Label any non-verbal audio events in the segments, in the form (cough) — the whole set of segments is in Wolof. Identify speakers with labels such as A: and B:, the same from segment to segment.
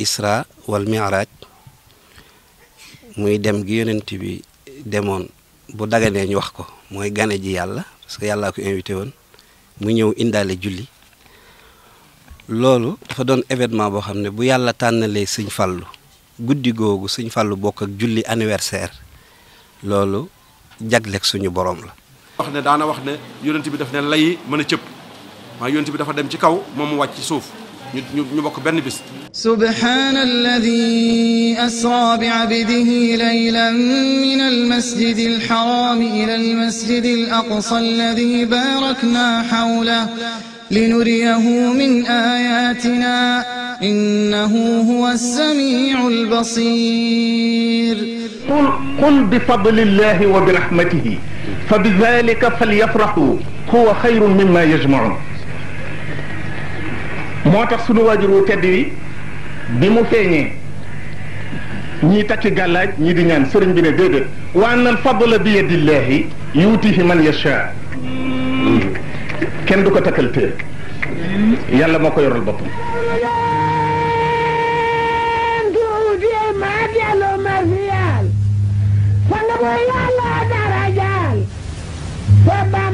A: isra wal miraaj muy dem gi yonent bi demoon bu daganee ñu wax ko mooy gane ji yàlla parce que yàllaa ko invité woon mu ñëw indaale julli loolu dafa doon événement boo xam ne bu yàlla tànnalee suñ fàllu guddi googu suñ fàllu bokk ak julli anniversaire loolu jagleeg suñu borom la.
B: wax ne daana wax ne yonent bi daf ne lay mën a cëpp waaye yonent bi dafa dem ci kaw moom mu wàcc suuf. ñu ñu bokk benn bis
C: subhana alladi asra bi abdihi laylan min almasjid alxaram ila almasjid alaqsa alladi barakna xawlah linuriyahu min ayatina innahu huwa alsamiu albasir qul qul
D: bifadlillahi wa birahmatihi fabidalika falyafrahu huwa xayrun mimma yajmaun moo tax sunu waajur wu tedd wi bi mu feeñee ñii takki gàllaaj ñii di ñaan sëriñ bi ne déedéet wa anna al fadla bi yadillahi yuutihi man yasha kenn du ko takkal tee yàlla moo ko yoral boppam
E: Bye-bye.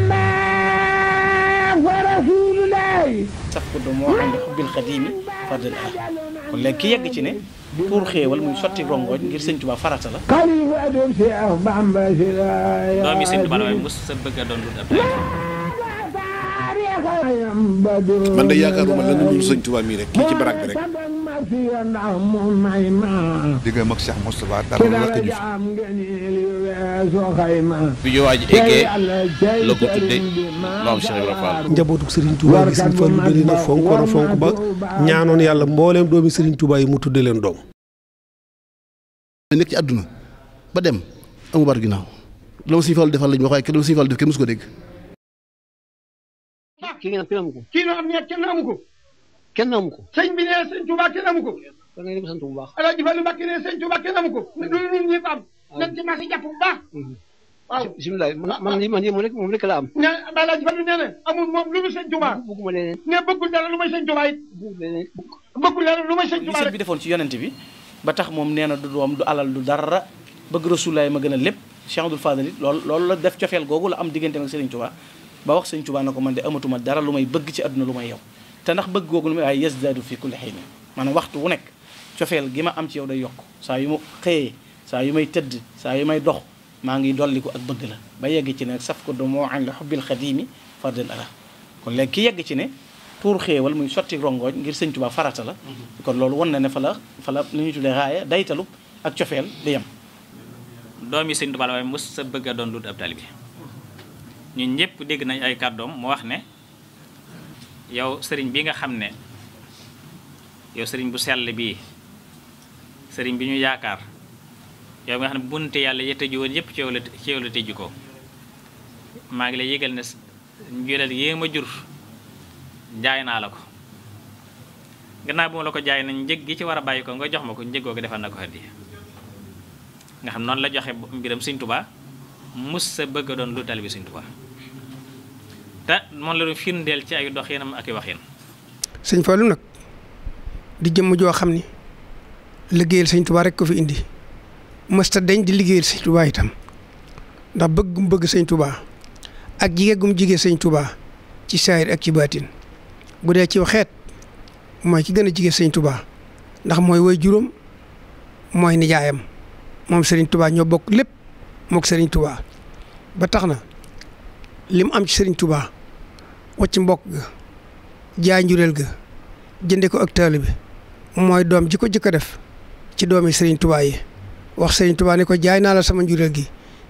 F: du moo xam ne xubbil xadiimi fardal ah kon léegi ki yegg ci ne pour xéewal muy sotti rongooñ ngir sëñ Tuubaa farata la
C: doomi
E: sëñ Tuubaa waaye
F: mos sa bëgg a doon lu ab
E: man de yaakaaruma lan la dul sëñ Tuubaa mii rek kii ci barak bi rek aafiya ndax mu may ma
G: digga mag Cheikh Moustapha dara la ko jëf
E: soo xayma bi ñu waaj la ko tudde
G: maam Cheikh
H: njabootu Serigne Touba bi Serigne Fallou ba ñaanoon yàlla mbooleem doomi Serigne Touba
I: mu tudde leen doom ci àdduna ba dem amu baat ginnaaw la ma Serigne Fallou defal lañu wax waaye kenn def kenn mosu ko dégg
J: kenn amu ko. sëñ bi nee sëñ Touba kenn amu ko. kon nag ñu ngi sant bu baax. El Hadj Fallou Mbacké nee sëñ Touba kenn amu ko. Mm-hmm. lu dul ñëpp am. waaw nañ ci ma jàpp bu baax. Mm-hmm. waaw bisimilah man man lii man lii moom rek moom rek la am. nee El Hadj Fallou nee na amul moom lu dul sëñ Touba. bëgguma leneen. nee bëggul dara lu may sëñ Touba it. bëggul dara lu may
F: sëñ Touba rek. bi defoon ci yonent bi ba tax moom nee na du doom du alal du dara bëgg rasulaay ma gën a lépp Cheikh Abdoul Fadel it loolu la def cofeel googu am diggante ak Serigne Touba ba wax Serigne Touba na ko man de amatuma dara lu may bëgg ci àdduna lu may yow te ndax bëgg googu nu waaye yasdaadu fi kulli xiin maanaam waxtu wu nekk cofeel gi ma am ci yow day yokk saa yu ma xëyee saa yu may tëdd saa yu may dox maa ngi dolliku ak bëgg la ba yegg ci ne nag saf ko du moo an la xubbil xadiimi fardel ara ki yegg ci ne tuur xéewal muy sotti rongooñ ngir sëñ Tuubaa farata la kon loolu wan na ne fa la fa la li ak cofeel di yem
C: doom yi sëñ Tuubaa la waaye mos sa bëgg a doon lut ab taalibe ñun ñëpp dégg nañ ay doom mu wax ne yow sëriñ bi nga xam ne yow sëriñ bu sell bii sëriñ bi ñu yaakaar yow nga xam ne bunte yàlla ya tëju woon yëpp ci yow la ci ko maa ngi lay yëgal ne njureel yéem ma jur jaay naa la ko gannaaw bu ma la ko jaay nañ njëg gi ci war a bàyyi ko nga jox ma ko njëgoo ko defal na ko hadiya nga xam noonu la joxe mbiram Sëriñ Tuubaa mus sa bëgg a doon lu tal bi Sëriñ te moom la doon firndeel ci ay doxinam ak i waxin.
K: sëñ Fallou nag di jëmm joo xam ni liggéeyal sëñ Tuubaa rek ko fi indi mësta dañ di liggéeyal sëñ Tuubaa itam ndax bëgg gum bëgg sëñ Tuubaa ak jigéen gum jigéen sëñ Tuubaa ci saayir ak ci baatin bu dee ci waxeet mooy ci gën a jigéen sëñ Tuubaa ndax mooy woy juróom mooy nijaayam moom sëriñ tubaa ñoo bokk lépp mook sëriñ Touba ba tax na lim am ci sëriñ tubaa wacc mbokk ga jaay njureel ga jënde ko ak taalibe bi mooy doom ji ko jëkk a def ci doomi Serigne Touba yi wax Serigne Touba ne ko jaay naa la sama njureel gi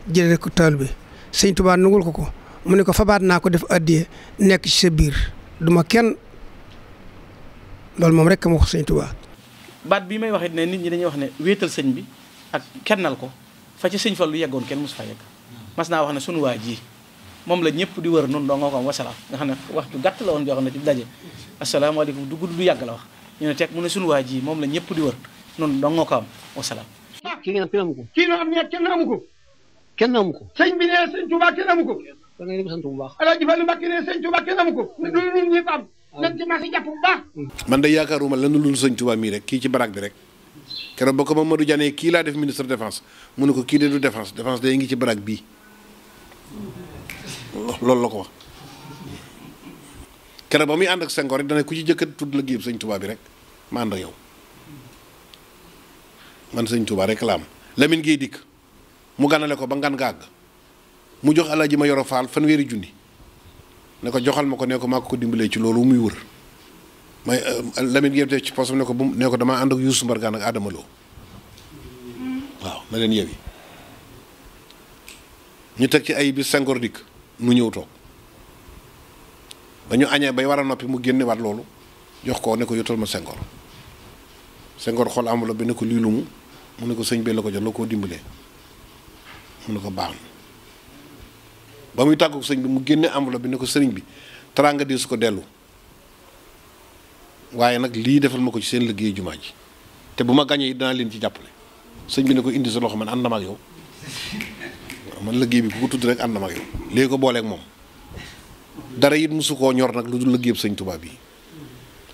K: jënde ko taalibe bi Serigne Touba nungul ko ko mu ne ko fabaat naa ko def addiye nekk ci sa biir duma kenn loolu moom rek ma wax Serigne Touba.
F: baat bi may waxit ne nit ñi dañuy wax ne wéetal sëñ bi ak kennal ko fa ci sëñ lu yeggoon kenn mosu fa yegg mas naa wax ne sunu waa ji moom la ñëpp di wër noonu doo nga ko am wasalaam nga xam ne wax ju gàtt la woon joo xam ne ci du gudd du yàgg la wax ñu ne teg mu ne suñu waa ji moom la ñëpp di wër noonu doo nga ko am wasalaam kii nga ah, am kenn amu ko kii nga xam ne kenn ko
L: kenn amu ko
J: sëñ bi ne sëñ Tuubaa kenn ko bu baax Alaaji Fallu Mbàkke ne sëñ Tuubaa kenn amu ko du ñun ñëpp am ah. nañ ci marché jàpp bu baax mm.
L: man de yaakaaruma lenn lu sëñ Tuubaa mii rek kii ci baraag bi rek keroog ba ko Mamadou Diané kii laa def ministre défense mu ne ko kii de du défense défense day ngi ci baraag bii loolu la ko wax keneen ba muy ànd ak Senghor rek dana ku ci jëkkat tudd la géeb sëñ Touba bi rek ma ànd ak yow man sëñ Touba rek la am Lamine dikk mu ganale ko ba ngan gàgg mu jox ji ma Mayoro Fall fanweeri junni ne ko joxal ma ko ne ko maa ko dimbalee ci loolu muy wër may euh, Lamine Gueye te ci posam ne ko bu ne ko damaa ànd ak Youssou Mbargane ak Adama Lo waaw na leen ñu teg ci ay bi Senghor dikk mu ñëw toog ba ñu añee bay war a noppi mu génne waat loolu jox ko ne ko yottal ma sengoor sengoor xool amulo bi ne ko lii lu mu mu ne ko sëñ bi la ko jox la koo dimbalee mu ne ko baax ba muy tàggu sëñ bi mu génne enveloppe bi ne ko sëriñ bi teraanga di su ko dellu waaye nag lii defal ma ko ci seen liggéey jumaa ji te bu ma gañee yi danaa leen ci jàppale sëñ bi ne ko indi sa loxo man ànd na ma yow man liggéey bi ku ko tudd rek am na ma ak yow léegi ko booleeg moom dara it mosu koo ñor nag lu dul liggéeyub sëñ Tuubaa bi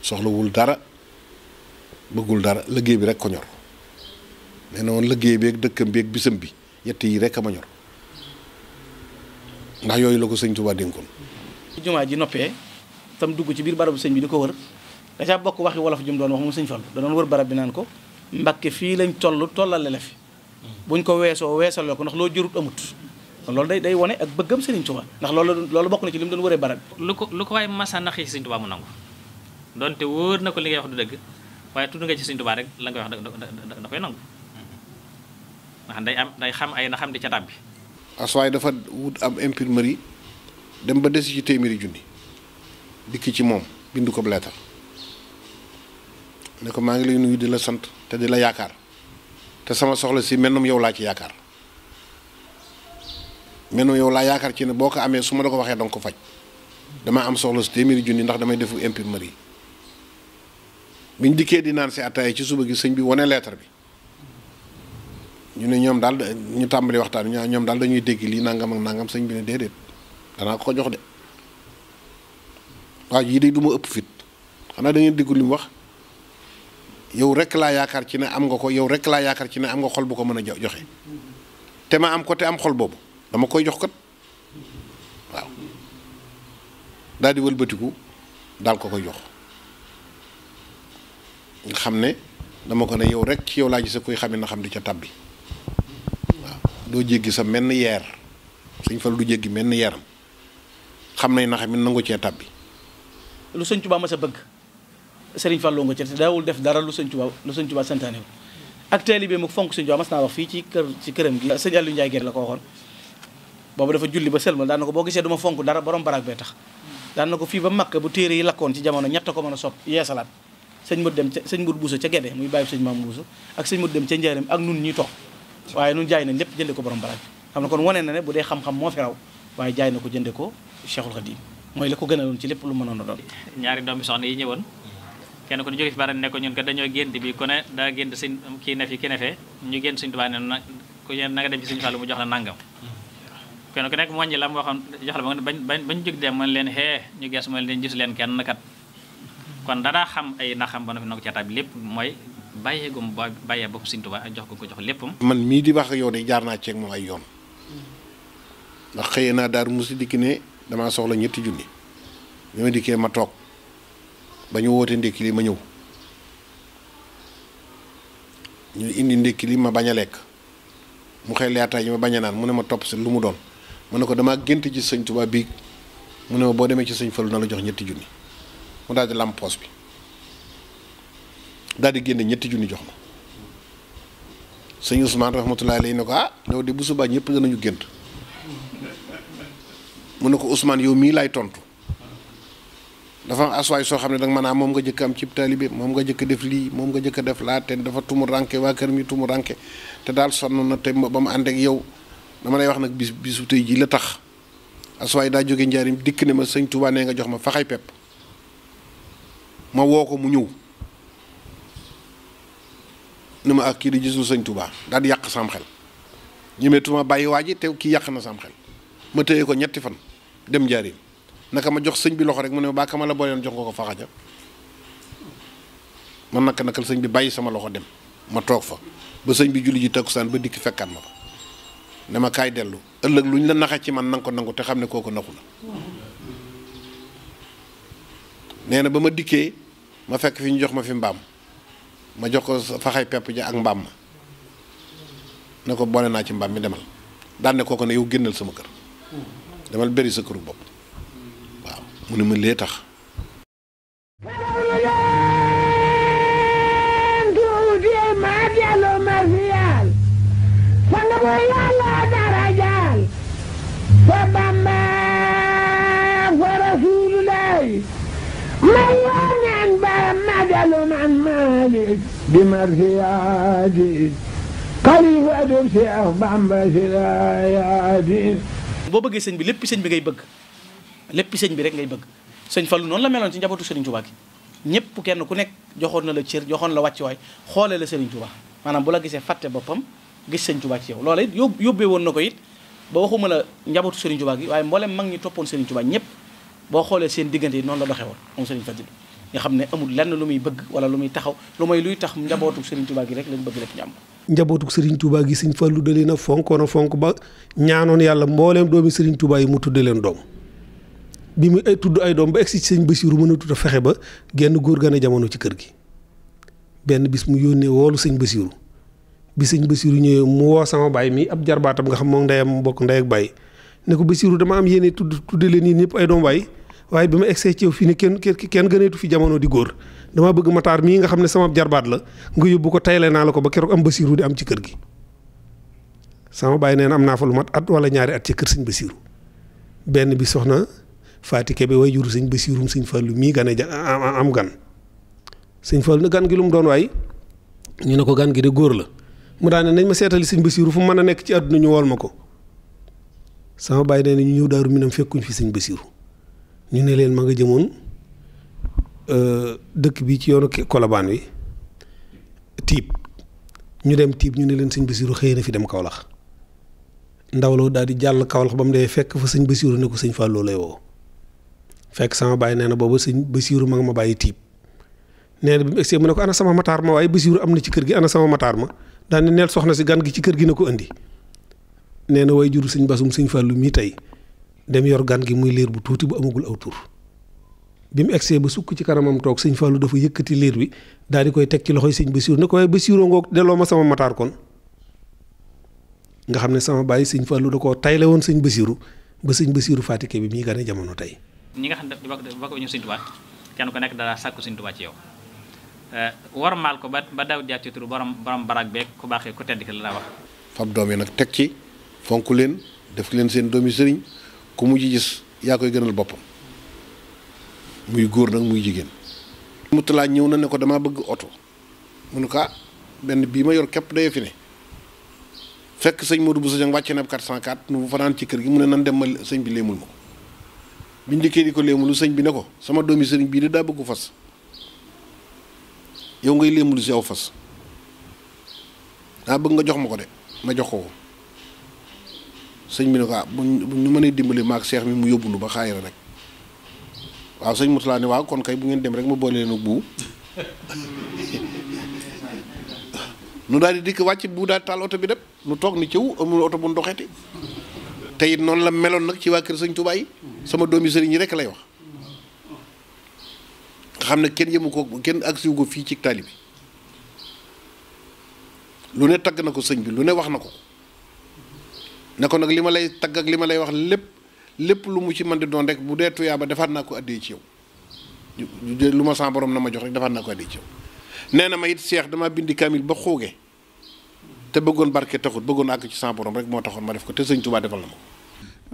L: soxlawul dara bëggul dara liggéey bi rek ko ñor nee na woon liggéey bi ak dëkkam bi ak bisam bi yett yi rek a ma ñor ndax yooyu la ko sëñ Tuubaa dénkoon.
F: jumaa ji noppee tam dugg ci biir barabu sëñ bi di ko wër da caa bokk waxi wolof jum doon wax moom sëñ Fallu da doon wër barab bi naan ko Mbàkke fii lañ toll tollal la fi. buñ ko weesoo la ko ndax loo jurut amut kon loolu day day wone ak bëggam Serigne Touba ndax loolu loolu bokk na ci li mu doon wëree barab lu ko lu ko waaye
C: masa naxi Serigne Touba mu nangu donte wóor na ko li ngay wax du dëgg waaye tudd nga ci Serigne Touba rek la ngay wax da da koy nangu ndax day am day xam ay na xam di ca tàbbi
L: aswaay dafa wut am imprimerie dem ba desi ci téeméeri junni dikk ci moom bind ko leetar ne ko maa ngi lay nuyu di la sant te di la yaakaar sama soxla si mennum yow laa ci yaakaar mennum yow laa yaakaar ci ne boo ko amee su ma la ko waxee danga ko faj dama am soxla si téeméeri junni ndax damay defu imprimerie biñ dikkee di naan si attaay ci suba gi sëñ bi wone lettre bi ñu ne ñoom daal ñu tàmbali waxtaan ñu ñoom daal dañuy dégg lii nangam ak nangam sëñ bi ne déedéet danaa ko jox de waaw yii de du ma ëpp fit xanaa da ngeen déggu li wax. yow rek laa yaakaar ci ne am nga ko yow rek laa yaakaar ci ne am nga xol bu ko mën a joxe te ma am ko te am xol boobu dama koy jox kat waaw daal di wëlbatiku daal ko koy jox nga xam ne dama ko ne yow rek ci yow laa gis kuy xamee na xam di ca tab bi waaw doo jéggi sa menn yeer suñ fa du jéggi menn yeeram xam nañ na xam it nangu cee tab bi.
F: lu Sëñ Tuubaa ma sa bëgg. Serigne Fallou nga ci te daawul def dara lu Sëñ Tuubaa lu Sëñ Tuubaa santaane wu ak taalibe mu fonk Sëñ Tuubaa mas naa wax fii ci kër ci këram gi sëñ Aliou Ndiaye Guèye la ko waxoon boobu dafa julli ba sëlmal daan na ko boo gisee du ma fonk dara borom baraag bee tax daan na ko fii ba makka bu téere yi lakkoon ci jamono ñett ko mën a sopp yeesalaat sëñ mut dem ca sëñ mut buusa ca Gede muy bàyyi sëñ maam buusa ak sëñ mut dem ca njaarim ak nun ñuy toog waaye nun jaay nañ lépp jënde ko borom baraag xam na kon wane na ne bu dee xam-xam moo fi raw waaye jaay na ko jënde ko Cheikhul Khadim mooy la ko gënaloon ci lépp lu mënoon a doon
C: ñaari doomi soxna yi ñëwoon kenn ku ne jóge fi bara ne ko ñun kat daa gént sëñ kii ne fi ki ne ñu gént sëñ Tuubaa ne na ku ne na nga dem ci sëñ Fallu mu jox la nangam kenn ku nekk jox la ba bañ bañ jóg dem mën leen xee ñu gees mën leen gis leen kenn kat kon danaa xam ay na xam ba na fi na ko caataab lépp mooy bàyyeegum ba bàyyee bopp sëñ Tuubaa ak jox ko ko jox léppam
L: man mii di wax ak yow de jaar naa ceeg moom ay yoon ndax xëyee naa daar musi dikk ne damaa soxla ñetti junni bi ma dikkee ma toog ba ñu woote ndékki li ma ñëw ñu indi ndékki lii ma bañ a lekk mu xëy leetaay yi ma bañ a naan mu ne ma topp si lu mu doon mu ne ko dama gént ci sëñ Tuubaa bii mu ne ma boo demee ci sëñ Fallu na la jox ñetti junni mu daal di lam bi daldi di génne ñetti junni jox ma sëñ Ousmane rahmatullahi alayhi ne ko ah yow busu bu subaa ñëpp danañu gént mu ne ko Ousmane yow mii laay tontu. dafa am soo xam ne danga maanaam moom nga jëkk am ci taalibe moom nga jëkk def lii moom nga jëkk def laa te dafa tumu ranke waa kër mi tumu ranke te daal sonn na te ba mu ànd ak yow dama lay wax nag bis bisu tey jii la tax asuwaay daa jóge njaarim dikk ne ma sëñ Tuubaa nee nga jox ma faxay pepp ma woo ko mu ñëw ne ma ak ah, kii di gisul sëñ Tuubaa daal di yàq sam xel ñemeetuma bàyyi waa ji te kii yàq na sam xel ma téye ko ñetti fan dem njaarim naka ma jox sëñ bi loxo rek mu ne ma baa ka ma la booleen jox nga ko faxaja man naka nakal sëñ bi bàyyi sama loxo dem ma toog fa ba sëñ bi julli ji takkusaan ba dikk fekkaat ma fa ne ma kaay dellu ëllëg lu ñu la naxa ci man nanga ko nangu te xam ne kooku naxu la nee na ba ma dikkee ma fekk fi ñu jox ma fi mbaam ma jox ko faxay pepp ja ak mbaam ma ne ko boole naa ci mbaam mi demal daan koo ko ne yow génnal sama kër demal bëri sa këru bopp mu ne ma lee tax
F: boo bëggee sëñ bi lépp sëñ bi ngay bëgg lépp sëñ bi rek ngay bëgg sëñ Fallu noonu la meloon ci njabootu Serigne Touba gi ñëpp kenn ku nekk joxoon na la cër joxoon la wàccuwaay xoolee la Serigne Touba maanaam bu la gisee fàtte boppam gis sëñ Touba ci yow loola it yóbbee na ko it ba waxuma la njabootu Serigne Touba waaye mboolem mag ñi toppoon Serigne Touba ñëpp boo xoolee seen diggante yi noonu la doxee woon moom Serigne Fadil nga xam ne amul lenn lu muy bëgg wala lu muy taxaw lu may luy tax njabootu Serigne Touba gi rek lañ bëgg lépp ñu am
H: njabootu Serigne sëñ Fallu da leen a fonkoon a fonk ba ñaanoon yàlla mbooleem doomi Serigne Touba yi mu tudde leen doom bi mu ay tudd ay doom ba egsi ci sëñ Basiiru mënatut a fexe ba genn góor gane jamono ci kër gi benn bis mu yónnee woolu sëñ Basiiru bi sëñ Basiiru ñëwee mu woo sama baay mi ab jarbaatam nga xam moom ndeyam bokk ndey ak baay ne ko Basiiru dama am yéene tudd tudde leen yéen ay doom baay waaye bi ma egsee ci yow fii ne kenn kenn gëneetu fi jamono di góor dama bëgg mataar mii nga xam ne sama jarbaat la nga yóbbu ko tayle naa la ko ba keroog am Basiiru di am ci kër gi sama baay nee am naa fa lu mat at wala ñaari at kër sëñ Basiiru benn bi soxna Faati Kebe way juru sëñ Basiirum sëñ Fallu mii gane ja am gan sëñ na gan gi lu mu doon waay ñu ne ko gan gi de góor la mu daane nañ ma seetali sëñ Basiiru fu mën a nekk ci àdduna ñu wool ma ko sama bàyyi nee na ñu ñëw daaru minam fekkuñ fi sëñ Basiiru ñu ne leen ma nga jëmoon euh, dëkk bi ci yoonu kolobaan bi tiib ñu dem tiib ñu ne leen sëñ Basiiru xëy na fi dem Kawlax ndaw la daal di jàll Kawlax ba mu dee fekk fa sëñ Basiiru ne ko sëñ Fallou lay woo fekk sama bàyyi nee na boobu sëñ Basiiru ma nga ma bàyyi tiib nee na bi mu egsee mu ne ko ana sama mataar ma waaye Basiiru am na ci kër gi ana sama mataar ma daan neel soxna si gan gi ci kër gi na ko indi nee na way juru sëñ basum sëñ fàllu mii tey dem yor gan gi muy liir bu tuuti bu amagul aw tur bi mu egsee ba sukk ci kanamam toog sëñ fàllu dafa yëkkati liir bi daal di koy teg ci loxoy sëñ Basiiru ne ko waaye Basiiru ngoog delloo ma sama mataar kon xam ne sama bàyyi sëñ fàllu da koo tayle woon sëñ Basiiru ba sëñ Basiiru Fatick bi muy gane jamono tey
C: ñi nga xam ne bokk ñu Sëriñ Tuubaa kenn ko nekk dara sàkku Sëriñ Tuubaa ci yow eh, warmaal ko ba ba daw jaar ci turu borom borom barak beeg ku baaxee ku tedd ki la daa wax
L: fab doom nag teg ci fonk leen def leen seen doomi sëriñ ku mujj gis yaa koy gënal boppam muy góor nag muy jigéen Moutala ñëw na ne ko dama bëgg oto mu ne ko ah, benn bii ma yor képp dayee fi ne fekk sëñ Modou Bousso Dieng wàcce na ab 404 nu fanaan ci kër gi mu ne nan dem ma sëñ bi léemul ko biñ dikkee di ko léemalu sëñ bi ne ko sama doomi sëriñ bii de daa bëgg fas yow ngay léemalu si aw fas daa bëgg nga jox ma ko de ma jox ko ko sëñ bi ne ko ah bu ñu mënee dimbali maag seex mi mu yóbbu lu ba xaayira rek waaw sëñ Moussa ne waaw kon kay bu ngeen dem rek ma boole leen ak bu (laughs) nu daal di dikk wàcc bu daal taal oto bi dem nu toog ni ciw amul oto bu ndoxeti te it noonu la meloon nag ci waa kër sëñ Touba yi sama doomi sëriñ yi rek lay wax xam ne kenn yëmu ko kenn agsiwu ko fii ci taali bi lu ne tagg na ko sëñ bi lu ne wax na ko ne nag li ma lay tagg ak li ma lay wax lépp lépp lu mu ci mën di doon rek bu dee tuyaaba defaat naa ko addee ci yow lu ma sa boroom na ma jox rek defaat naa ko addee ci yow nee na ma it seex dama bindi kaamil ba xooge te bëggoon barke taxut bëggoon àgg ci sama borom moo taxoon ma ko te sëñ Touba defal na
G: ma.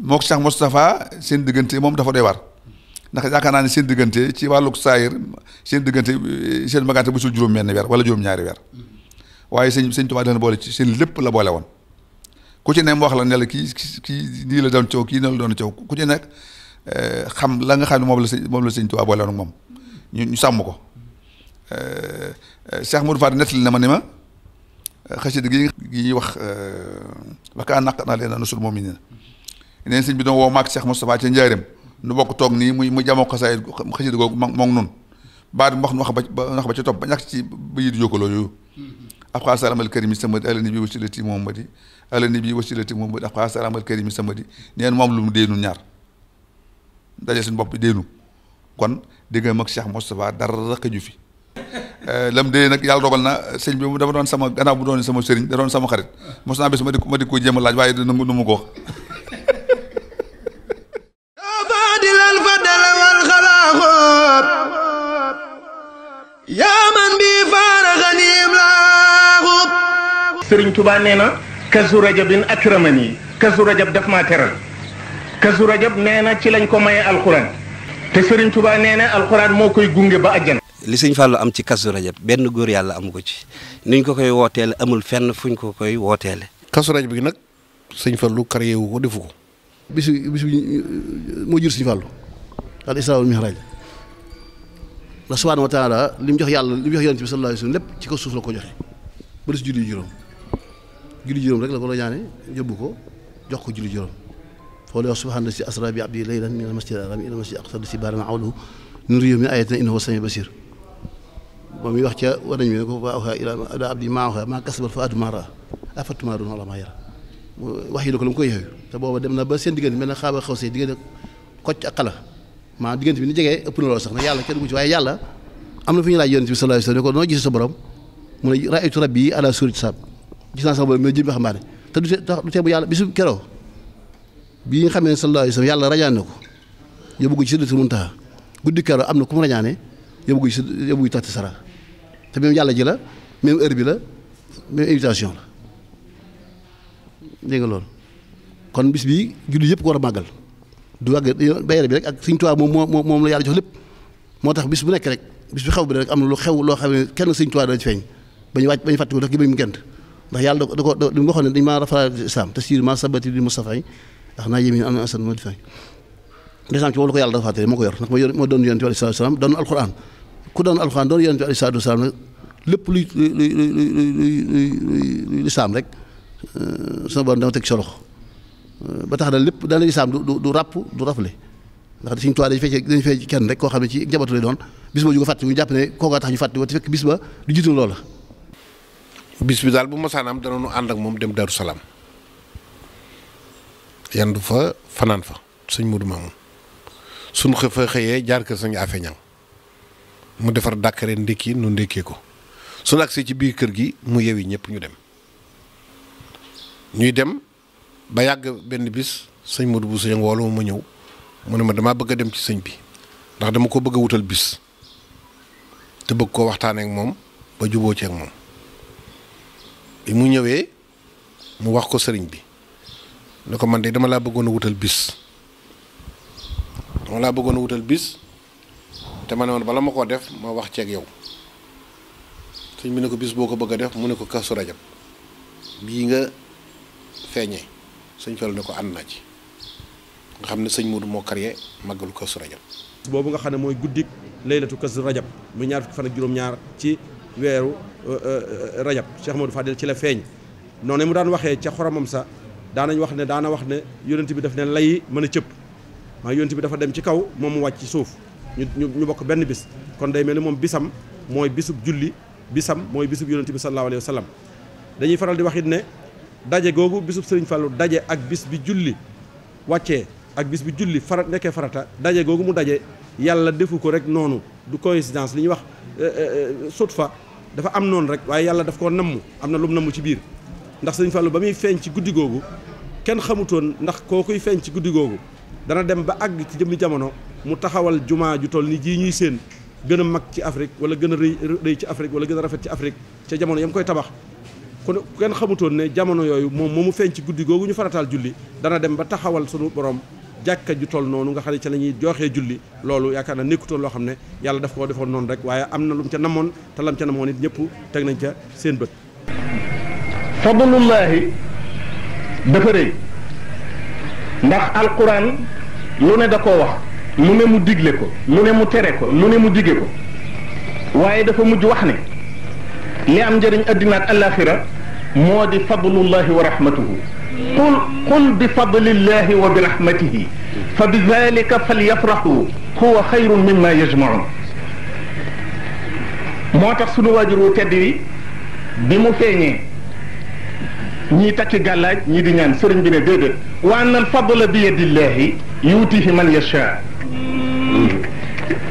G: moo ko Cheikh Moustapha seen diggante moom dafa doy waar ndax yaakaar naa ne seen diggante ci wàllug saayir seen diggante eh, seen magante bu sul juróom-benn weer wala juróom-ñaari weer waaye sëñ sëñ Touba dana boole ci seen lépp la boole woon ku ci ne mu wax la ne la kii kii lii la doon coow kii nii la doon coow ku ci nekk eh, xam la nga xam ne moom la sëñ moom sëñ Touba boole woon moom ñu ñu sàmm ko eh, Cheikh Mourou Fade nettali na ma ni ma. xasida gi gi ñuy wax euh, wakaa naq na leen na nusul mu'minin neen sëñ bi doon woo maak Cheikh Moustapha ca Njaareem nu bokk toog nii muy mu jamoo xasaay xasida googu moom nun baat wax nu wax ba wax ba ca topp ba ñàkk ci ba yi di jokkaloo yooyu afqa salamal karimi samadi ala nabi wasilati muhammadi ala nabi wasilati muhammadi afqa salamal karimi samadi neen moom lu mu déenu ñaar daje suñu bopp déenu kon diggam ak Cheikh Moustapha dara fi Eh, lam dee nag yàlla dogal na sëñ bi mu dafa doon sama gannaaw bu doon sama sëriñ da doon sama xarit mos naa bés ma di ma di ko jéem a laaj waaye dina nu mu ko
D: sëriñ Tuubaa nee na kasu rajabin akramani kasu rajab daf maa teral kasu rajab nee na ci lañ ko maye alxuraan te sëriñ tubaa nee na
A: alxuraan moo koy gunge ba àjjana li sëñ Fallou am ci kasu rajab benn góor yàlla amu ko ci ni niñ ko koy wooteele amul fenn fuñ ko koy wooteele kasu rajab bi nag sëñ Fallou kar wu ko
I: defu ko bis bis bi moo jur sëñ Fallou al isra wal mihraj la li mu jox yàlla li mu jox yonent bi sallallahu lépp ci ko suuf la ko joxe ba des julli juróom julli juróom rek la ko ñaane yóbbu ko jox ko julli juróom foo la wax subhaana si asra bi abdi laylan min al masjid al haram ila al masjid al aqsa si baarana awlahu nuriyu min ayatina innahu sami basir moom mi wax ca warañ mi ne ko waaw ila abdi maa waxa maa kasabal fa atumara afatuma doon wala maa yara wax yi la ko la mu koy yooyu te booba dem na ba seen diggante mel na xaaba xaw see diggante kocc ak xala maa diggante bi ni jegee ëpp na loolu sax na yàlla kenn gu ci waaye yàlla am na fi ñu laaj yonent bi sallallahu alayhi wasallam ne ko noo gisee sa borom mu ne raaytu rabbi ala suurati saab gis naa sama borom mu ne bi xambaane te du tee bu yàlla bisu keroo bi nga xamee ne sallallahu alayhi wasallam yàlla rañaan na ko yóbbu ko am na ku mu rañaane yóbbu gu si yóbbu gu taxti sara te même yàlla ji la même heure bi la même invitation la dégg loolu kon bis bi julli yëpp ko war a màggal du wàgg bayere bi rek ak Sëñ Tuubaa moom moom la yàlla jox lépp moo tax bis bu nekk rek bis bi xew bi rek am lu xew loo xam ne kenn Sëñ Tuubaa dana ci feeñ ba ñu wàcc ba ko def gi mu gent ndax yàlla da ko da ko waxoon ne dañ maa rafala islam te sir ma sabati di Mustafa yi ndax naa yémin am na asan ma di feeñ desam ci moom la ko ku doon alxuraan doon yonent bi aleyhi lépp luy rek euh, sama borom dama teg ci euh, ba tax na lépp daanaka lislaam du du ràpp du rafle ndax suñu tuwaay dañu fekkee dañu fekk kenn rek koo xam ne ci
L: njabootu lay doon bis ba ñu ko fàtte ñu jàpp ne kooka tax ñu fàtte ko te fekk bis ba du jiitu loola. bis bi daal bu masaanaam danañu ànd ak moom dem Darou Salaam yandu fa fanaan fa suñ Modou Mamoun suñu xëy fa xëyee jaar kër sëñ Afé Niang mu defar dàkkare ndékki nu ndékkee ko su nu ci biir kër gi mu yewi ñëpp ñu dem ñuy dem ba yàgg benn bis sëñ Modou Bousso Dieng woolu ma ñëw mu ne ma damaa bëgg a dem ci sëñ bi ndax dama ko bëgg a wutal bis te bëgg koo waxtaanee moom ba juboo ci ak moom bi mu ñëwee mu wax ko sëriñ bi ne ko man de dama laa bëggoon a wutal bis dama laa bëggoon a wutal bis te ma ne woon bala ma koo def ma wax ceeg yow sëñ bi ne ko bis boo ko bëgg def mu ne ko kasu rajab bii nga feeñee sëñ Fallu ne ko ànd naa ci nga xam ne sëñ Moodu moo créé màggalu kasu rajab
B: boobu nga xam ne mooy guddik laylatu kasu rajab mu ñaar fukki fan ak juróom-ñaar ci weeru euh, euh, euh, rajab Cheikh Modou Fadel ci la feeñ noonu mu daan waxee ca xoromam sa daanañ wax ne daana wax ne yonent bi daf ne lay mën a cëpp maa yonent bi dafa dem ci kaw moom mu wàcc ci suuf ñu ñu bokk benn bis kon day mel ni moom bisam mooy bisub julli bisam mooy bisub yonente bi sallallahu alayhi wa dañuy faral di wax it ne daje googu bisub sëriñ Fallou daje ak bis bi julli wàccee ak bis bi julli farat nekkee farata daje googu mu daje yàlla defu ko rek noonu du coïncidence li ñuy wax euh, euh, euh, sot fa dafa am noonu rek waaye yàlla daf koo namm am na lu mu namm ci biir ndax sëriñ Fallou ba muy feeñ ci guddi googu kenn xamutoon ndax koo kuy feeñ ci guddi googu dana dem ba àgg ci jëmmi jamono mu taxawal jumaa ju toll ni jii ñuy seen gën mag ci Afrique wala gën a rëy rëy ci Afrique wala gën a rafet ci Afrique ca jamono yam koy tabax kon kenn xamutoon ne jamono yooyu moom mu feeñ ci guddi googu ñu farataal julli dana dem ba taxawal sunu borom jàkka ju toll noonu nga xam ne ca la ñuy joxee julli loolu yaakaar na nekkutoon loo xam ne yàlla daf koo defoon noonu rek waaye am na lu mu ca namoon te lam ca namoon it ñëpp teg nañ ca seen bët fadlullaahi dafa rëy
D: ndax alquran lu ne wax lu ne mu digle ko lu ne mu tere ko lu ne mu dige ko waaye dafa mujj wax ne li am njëriñ addina ak alaxira moo di fadlullahi wa rahmatuhu qul qul bi fadlillahi wa bi rahmatihi fa bi dalika falyafrahu huwa xayrun mimma yajmaun moo tax sunu waajur wu tedd wi bi mu feeñee ñii takki gàllaaj ñii di ñaan sëriñ bi ne déedéet wa anna al fadla bi yadillahi yuutihi man yasha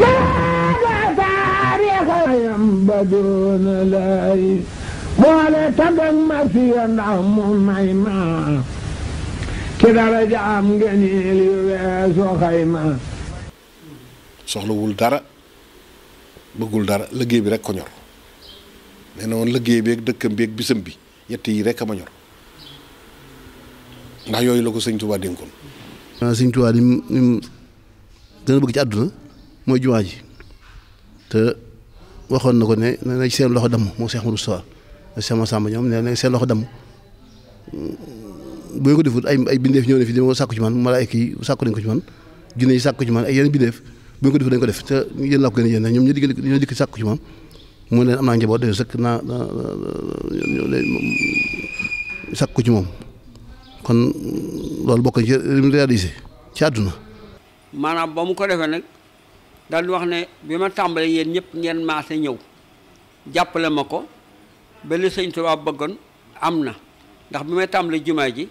E: maa taarixayam ba doona lay boole tagg ma fi ndax mu may ma ci dara jaam ngeen li weesu xayma soxlawul
L: dara bëggul dara liggéey bi rekk ko ñor nee na woon liggéey bi ak dëkkam bi ak bisam bi yett yi rek a ma ñor ndax yooyu la ko sëñ Tuubaa dénkoon.
I: sëñ Tuubaa di mu dana bëgg ci àdduna mooy jumaa ji te waxoon na ko ne na seen loxo damm moo Cheikh Modou Sow sama sàmm ñoom nee na seen loxo damm mm, boo ko defut ay ay bindeef ñëw ne fi dama sàkku ci man malaayka yi sàkku ko ci man jinne yi sàkku man ay yeneen bindeef boo ko defut dañ ko def te yéen laa ko gën a yéen ñoom ñu digg ñoo dikk sàkku ci man mu ne am naa njaboot de sëkk naa sàkku ci moom kon loolu bokk ci réalisé ci àdduna
M: maanaam ba ko defee nag daal di wax ne bi ma tàmbalee yéen ñëpp ngeen maase ñëw jàppale ma ko ba li sëñ Tuubaa bëggoon am na ndax bi may tàmbalee jumaa ji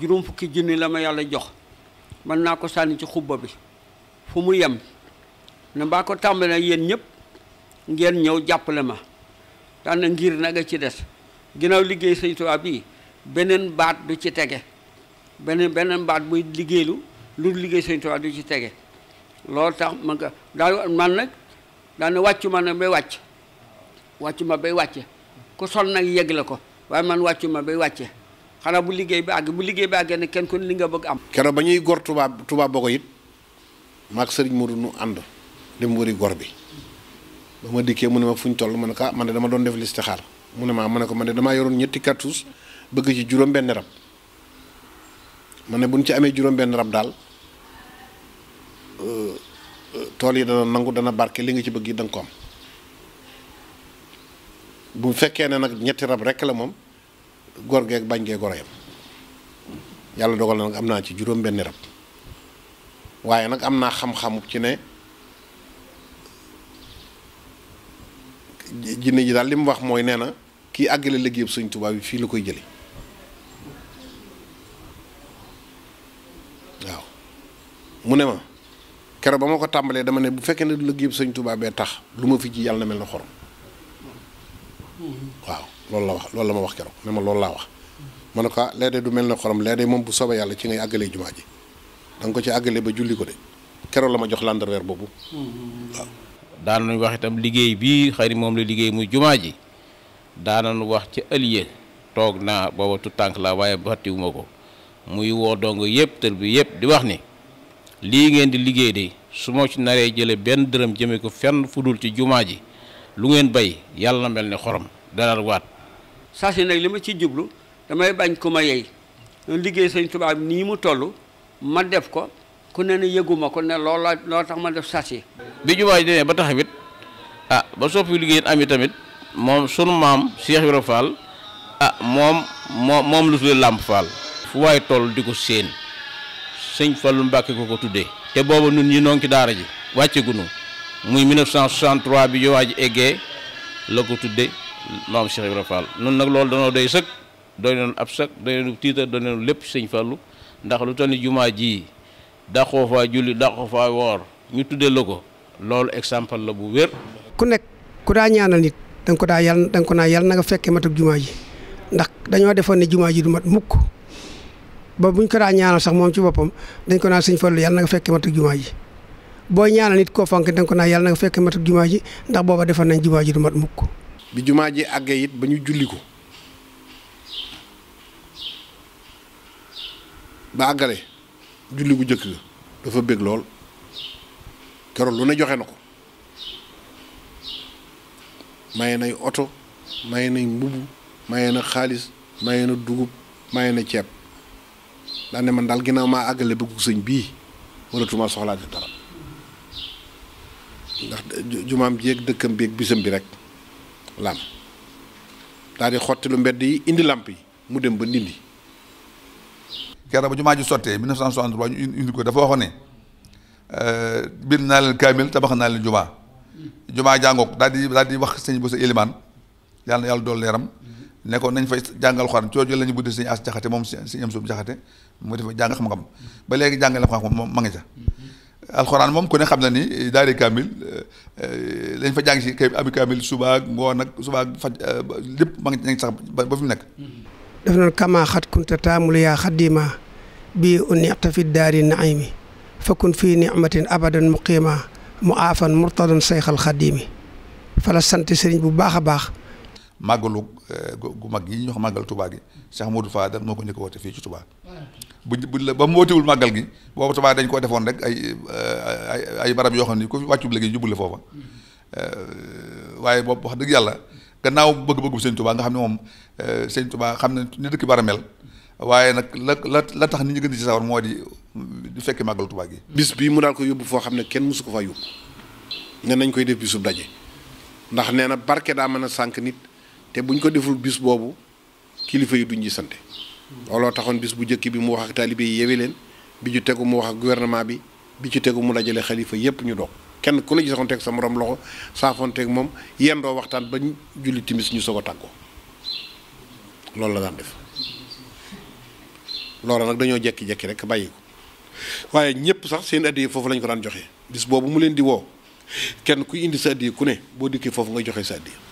M: juróom fukki junni la ma yàlla jox mën naa ko sànni ci xuba bi fu mu yem ne mbaa ko tàmbalee yéen ñëpp ngeen ñëw jàppale ma daan na nag a ci des ginnaaw liggéey sëñ Tuubaa bi beneen baat du ci tege beneen beneen baat buy liggéeylu lu liggéey sëñ Tuubaa du ci tege loolu tax man nga daal man nag daal ne wàccu ma nag bay wàcc wàccu ma bay wàcce ku sol nag yëg ko waaye man wàccu ma bay wàcce xanaa bu liggéey bi àgg bu liggéey bi àggee ne kenn ku li nga bëgg am
L: keroog ba ñuy gor tubaab tubaab bogo it maag sëriñ Modou nu ànd dem wëri gor bi ba ma dikkee mu ne ma fu ñu toll ma ne ko ah man de dama doon def listixaar mu ne maa ma ne ko man de damaa yoroon ñetti cartouche bëgg ci juróom benn rab ma ne bu ñu ci amee juróom benn rab daal Euh, euh, tool yi dana nangu dana barke li nga ci bëgg yi da nga am bu fekkee ne nag ñetti rab rekk la moom góor geeg bañ gee goroyam yàlla dogal na nag am naa ci juróom benn rab waaye nag am naa xam-xamu ci ne jinne ji daal li mu wax mooy nee na kii àggale liggéeyam Sëñ Tuubaa bi fii lu koy jële waaw mu ne ma keroog ba ma ko tàmbalee dama ne bu fekkee ne liggéey bi sëñ Tuubaa bee tax lu ma fi ji yàlla na mel na xorom waaw loolu la wax loolu la ma wax keroog ne ma loolu laa wax ma a ko ah léeg mel na xorom léeg moom bu soobee yàlla ci ngay àggalee jumaa ji da ko ci àggalee ba julli ko de keroog la ma jox landerweer boobu
N: wax itam liggéey bii xëy moom la liggéey muy jumaa ji daanañu wax ci ëllëg toog naa booba tu tànk laa waaye batiwuma ko muy woo dong yëpp tër bi yëpp di wax ni lii ngeen di liggéey de su ma ci naree jële benn dërëm jëme ko fenn fu dul ci jumaa ji lu ngeen bay yàlla mel ni xorom dalal waat
M: saa si nag li ma ciy jublu damay bañ ku ma yey liggéey sëñ Tuubaa nii mu toll ma def ko ku ne yëguma ko ne loolu tax ma def saa si
N: bi jumaa ji demee ba taxawit ah ba soppi liggéey am tamit moom sunu maam Cheikh Ibra ah moom moom moom lu tuddee làmp Fall fu waaye toll di ko séen sëñ Fallou Mbacke ko ko tuddee te booba nun ñi noo ngi ci daara ji wàccegunu muy 1963 bi jumaa ji eggee la ko tudde maam Cheikh Ibrahima Fall nun nag loolu danoo doy sëkk doy nañu ab sëkk doy nañu tiitar lépp sëñ Fallou ndax lu toll ni jumaa ji dàqoo faa julli dàqoo faa woor ñu tuddee la ko loolu exemple la bu wér
K: ku nekk ku daa ñaanal nit danga ko daa yàlla danga ko naa yàlla na nga fekkee matuk jumaa ji ndax dañoo defoon ne jumaa ji du mat mukk ba buñ ko daa ñaanal sax moom ci boppam dañ ko naan sëñ Fallu yàlla na nga fekke matuk jumaa ji boo ñaanal nit koo fonk dañ ko naan yàlla na nga fekke jumaa ji ndax booba defar nañ jumaa ji du mat mukk
L: bi jumaa ji àggee it ba julli ko ba àggale julli gu jëkk dafa bëgg lool keroog lu ne joxe na ko maye nay oto maye nay mbubb maye na xaalis maye na dugub maye na ceeb daa man daal ginnaaw maa àggale bëggu sëñ bii waratuma soxlaate dara ndax jumaam ji dëkkam bi bisam bi rek lam
G: daal di xotti lu mbedd yi indi làmp yi mu dem ba ndindi keroog ba jumaa ji sottee 1963 ñu indi ko dafa waxoon ne euh, bind naa leen kaamil tabax naa leen jumaa jumaa jàngook daal di daal di wax sëñ bu sa élimaan yàlla yàlla dool leeram nekkoon ko nañ fay jàngal xuraan cooju la ñu buddi sëñ as moom sëñ am suuf jaxate moo def jàng xam ba léegi jàngale xam moom ma ngi ca alxuraan moom ku xam na ni eh, daari kaamil eh, eh, lañ fa jàng si kay kaamil subaa ngoon ak subaa faj lépp ma ngi sax ba fi nekk
K: daf na kama xat kunta taamul yaa xadima bi unita fi daari naimi fakun fii nicmatin abadan muqima mu aafan murtadan sayxal xadimi fala sant sëriñ bu baax a baax
G: màggalu eh, gu mag yi ñuy wax màggal tubaa gi Cheikh Modou Fadal moo ko njëkk a woote fii ci Touba bu buñ la ba mu wootewul màggal gi boobu Touba dañ ko defoon rek ay eh, ay ay barab yoo xam ne ku wàccub léegi jubul la foofa eh, waaye boobu wax dëgg yàlla gannaaw bëgg-bëggu sëñ Touba nga xam ne moom sëñ Touba xam ne ni dëkk bara mel waaye nag la la la tax nit ñi gën di ci sawar moo di di fekki màggal Touba gi. bis bii mu daan ko yóbbu foo xam ne kenn mësu ko faa yóbbu
L: ne nañ koy def bisub daje ndax nee na barke daa mën a sànq nit. te buñ ko deful bis boobu kilifa yi duñ ci sant. looloo taxoon bis bu njëkk bi mu wax ak taalibe yi yewe leen bi ci tegu mu wax ak gouvernement bi bi ci tegu mu la dajale xalifa yépp ñu doog kenn ku la gisoon teg sa morom loxo saafoonteeg moom yendoo waxtaan ba julli timis ñu soog a loolu la daan def loolu nag dañoo jekki rek bàyyi ñëpp sax seen addiya lañ ko daan joxe bis boobu mu leen di woo kenn ku indi sa addiya ku ne boo dikkee foofu nga joxee sa addiya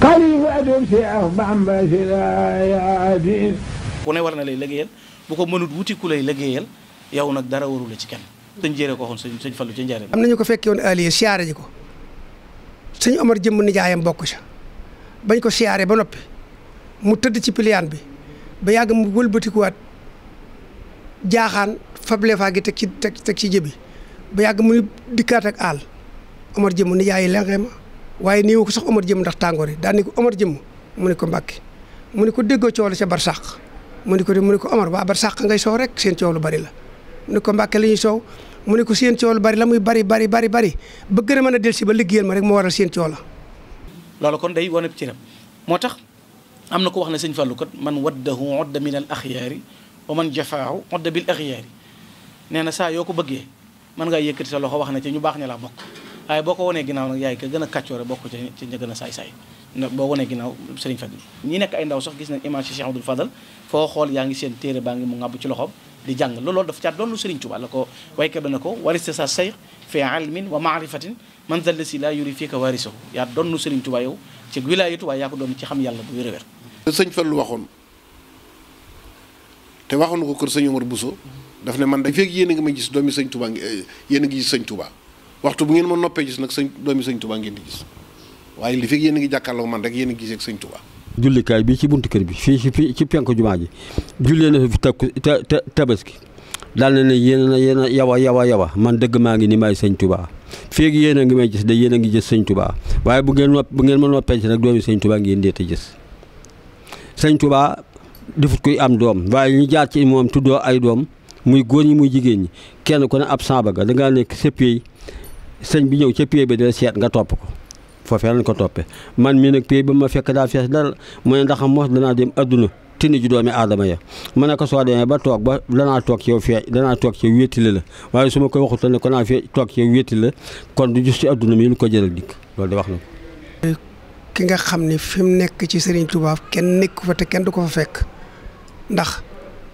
E: xalifatum Seex
F: ne war na lay liggéeyal bu ko mënut wuti ku lay liggéeyal yow nag dara warula ci kenn sëñ jëree ko xoon sëñ Fallu ci njaareem
E: am nañu ko fekkee
K: woon aliye siyaare ji ko sëñ Omar jëmm nijaayam bokk ca bañ ko siyaare ba noppi mu tëdd ci piliyaan bi ba yàgg mu wëlbatikuwaat jaaxaan fable faa gi teg ci teg ci jëbi ba yàgg muy dikkaat ak àll Omar jëmm nijaayi lenqee ma waaye nii ko sax Omar jëm ndax tàngoor yi daan ni ko Omar jëm mu ne ko Mbàkke mu ne ko déggoo coow la ca barsàq mu ne ko mu ne ko Omar waa barsàq ngay soow rek seen coow lu bari la mu ko Mbàkke la ñuy mu ne ko seen coow lu bari la muy bari bari bari bari ba gën a del si ba liggéeyal ma rek moo waral seen coow la
F: loolu kon dey wane ci ram moo tax am na ko wax ne sëñ Fallou ko man waddahu odda min al axyaari wa man jafaahu odda bil axyaari nee na saa yoo ko bëggee mën ngaa yëkkat sa loxo wax na ci ñu baax ña laa bokk waaye boo ko wanee ginnaaw nag yaay ka gën a kàccoore bokk ci ci ña gën a saay-saay boo wanee ginnaaw sëriñ Fadil ñi nekk ay ndaw sax gis nañ image ci Cheikh Abdoul Fadal foo xool yaa ngi seen téere baa ngi mu ŋàbb ci loxoom di jàng loolu dafa caa doon lu sëriñ Tuubaa la ko waykat bi ne ko wariste sa say fi ilmin wa maarifatin man zal si laa yuri fii ka warisahu yaa doon lu sëriñ Tuubaa yow ci wilaayatu waaye yaa ko doon ci xam yàlla bu wér a wér
L: sëñ Fallu waxoon te waxoon ko kër sëñ Omar Bousso daf ne man da feeg yéen a ngi may gis doomi sëñ Tuubaa eh, yéen a ngi gis sëñ waxtu bu ngeen ma noppee gis nag sëñ doomi sëñ Touba ngeen waaye li fi yéen a ngi jàkkaarloo man rek yéen gisee ak sëñ Touba.
A: ci buntu kër bi fii ci fii ci penku jumaa ji jullee na fi takku ta tabaski daal na ne yéen a yéen a yawa yawa yawa man dëgg maa ngi ni maay sëñ Touba feeg yéen ngi may gis de yéen a ngi gis sëñ Touba waaye bu ngeen bu ngeen ma noppee nag doomi sëñ Touba ngeen deete gis sëñ Touba defut koy am doom waaye ñu jaar ci moom tuddoo ay doom muy góor ñi muy jigéen ñi kenn ku ne ab saaba ga da ngaa nekk sëpp yi sëñ bi ñëw ca pied ba dina seet nga topp ko foofee lañ ko toppee man mii nag pied ba mu ma fekk daa fees dara mu ne ndax mos danaa dem adduna tini ju doomi aadama ya ma ne ko soo demee ba toog ba danaa toog yow fee danaa toog yow wéttile la waaye su ma koy waxutal ne ko naa toog yow wéttile la kon du gis ci adduna yi lu ko jëral dikk loolu de wax na
K: ko. ki nga xam ne fi mu nekk ci Serigne Touba kenn nekku fa te kenn du ko fa fekk ndax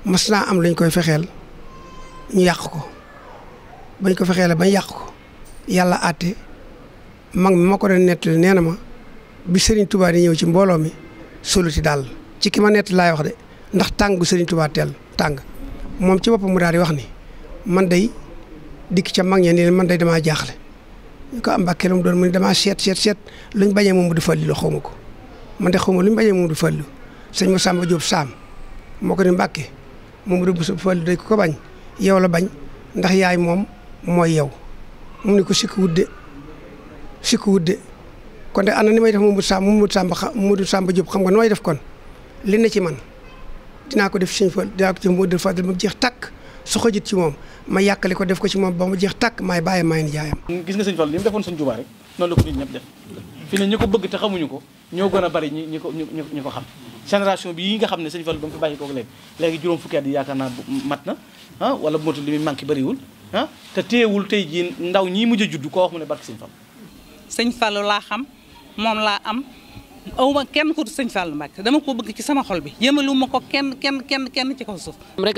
K: mas naa am luñ koy fexeel ñu yàq ko bañ ko fexeele bañ yàq ko. yàlla àtte mag mi ma ko doon nettali nee na ma bi sëriñ Touba di ñëw ci mbooloo mi soluti daal ci ki ma nettali laay wax de ndax tàng gu Serigne Touba teel tàng moom ci boppam mu daal di wax ni man day dikk ca mag ña ne man day damaa jaaxle ñu ko am ah, mbàkke lu mu doon mu ne damaa seet seet seet luñ bañee moom du fàlli loo xaw ma ko man de xaw ma luñ bañee moom du fàllu sëñ ma Samba Diop Saam moo ko ni mbàkke moom du fàllu day ko ko bañ yow la bañ ndax yaay moom mooy yow. mun ne ko sikk wudde sikk wudde kon de ana ni may def Mamadou Samb Mamadou Samba xa Mamadou Samba Diop xam nga nu def kon li ne ci man dinaa ko def Sëñ Fall dinaa ko def Mamadou Fadel mu jeex tàkk soxo jit ci moom ma yàkkali ko def ko ci moom ba mu jeex tàkk maay bàyyi maay nijaayam.
F: gis nga Sëñ Fall li mu defoon Sëñ Tuubaa rek noonu la ko nit ñëpp def fi ne ñi ko bëgg te xamuñu ko ñoo gën a bari ñi ñi ko xam. génération bi yi nga xam ne Sëñ Fall ba mu fi bàyyi koog léegi léegi juróom fukki at mat na ah wala motul li muy manqué bariwul ah te téewul tey jii ndaw ñii mujj a judd koo wax mu ne barke sëñ Fallu
C: sëñ Fallu laa xam moom laa am awma kenn ku sëñ Fallu Mbàkke dama ko bëgg ci sama xol bi yëmalu ko kenn kenn kenn kenn ci kaw suuf moom rek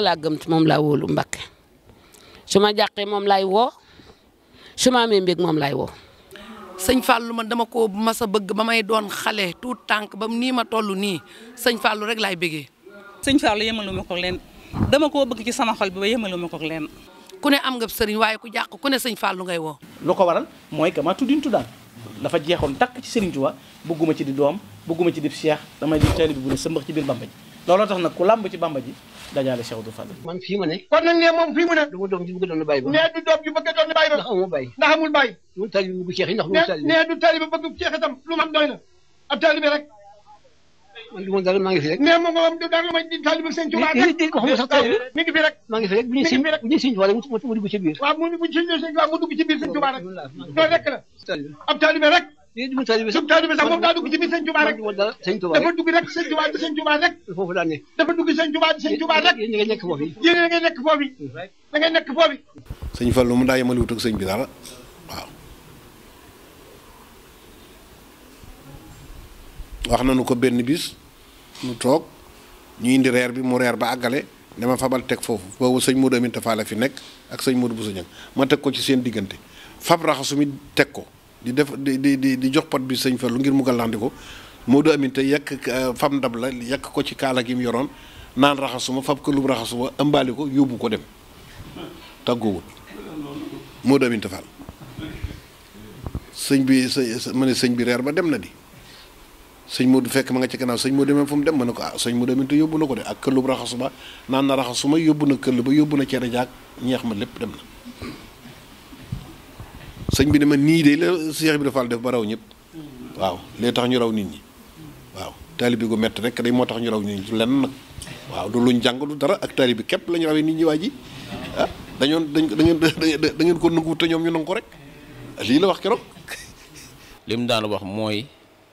C: moom
K: laa wóolu Mbàkke ma jàqee moom laay woo su ma amee moom laay woo
F: sëñ Fallou man dama ko mas a bëgg ba may doon xale tout tànk ba nii ma toll nii sëñ Fallou rek laay bëggee. sëñ Fallou yemalu ma ko leen dama koo bëgg ci sama xol bi ba yemalu ko leen. ku ne am nga sëriñ waaye ku jàq ku ne sëñ Fallou ngay woo. lu ko waral mooy que ma tuddin tuddaan dafa jeexoon takk ci sëriñ Tuubaa bëgguma ci di doom bëgguma ci di Cheikh damay di taalibe bu ne ci looloo tax nag ku làmb ci Bamba ji dajaale Cheikh Abdou Fall. ne. kon moom fii a ba. a doon bàyyi ba. ndax amul bàyyi ndax amul bàyyi. du
J: taalibe bëgg Cheikh yi itam lu mu am doy na ab taalibe rek man du ma dara maa ngi fi rek. mais moom moom du dara mooy di taalibu sëñ Tuubaa eh, eh, rek. di eh, wax sax taalibu mi ngi fi rek. maa ngi fi rek bu ñuy sëñ bu ñuy sëñ Tuubaa rek mu dugg ci biir. waaw mu bu ñuy sëñ Tuubaa mu dugg ci biir sëñ Tuubaa rek. loolu rek la. ab taalibe rek. lii du taalibe sax moom daa dugg ci biir sëñ Tuubaa rek. dafa dugg rek sëñ Tuubaa di sëñ Tuubaa rek. foofu daa ne. dafa dugg sëñ Tuubaa di sëñ Tuubaa rek. yéen a ngi nekk foofu yi. yéen a ngi nekk foofu yi. da ngay nekk foofu yi.
L: sëñ Fallu mu daa yemaliwut ak sëñ bi dara wax nañu ko benn bis mu toog ñu indi reer bi mu reer ba àggale ma fabal teg foofu boobu sëñ Modou Aminta Fall fi nekk ak sëñ Modou bu Niang ma teg ko ci seen diggante fab raxasu mi teg ko di def di di jox pot bi sëñ Fallu ngir mu gàllandi ko Modou Aminta yekk euh, fab ndab la yekk ko ci kaala gi mu yoroon naan raxasuma fab ko lum raxasuma ëmbaali ko yóbbu ko dem tàggoowut Modou Aminta Fall sëñ bi sëñ ma sëñ bi reer ba dem na di sëñ du fekk ma nga ci gannaaw sëñ Modou demee fu mu dem ma ne ko ah sëñ Modou demee te yóbbu na ko de ak këllub raxasu ba naan na raxasu ma yóbbu na këll ba yóbbu na cere jaag ñeex ma lépp dem na sëñ bi ne ma nii de la Cheikh Ibra Fall def ba raw ñëpp waaw lee tax ñu raw nit ñi waaw taalibi gu métti rek day moo tax ñu raw nit ñi lenn nag waaw du luñ jàng du dara ak taalibi képp la ñu rawee nit ñi waa ji ah dañoon dañ da ngeen da ngeen ko nanguwut te ñoom ñu nangu ko rek lii la wax keroog.
N: li mu daan mooy.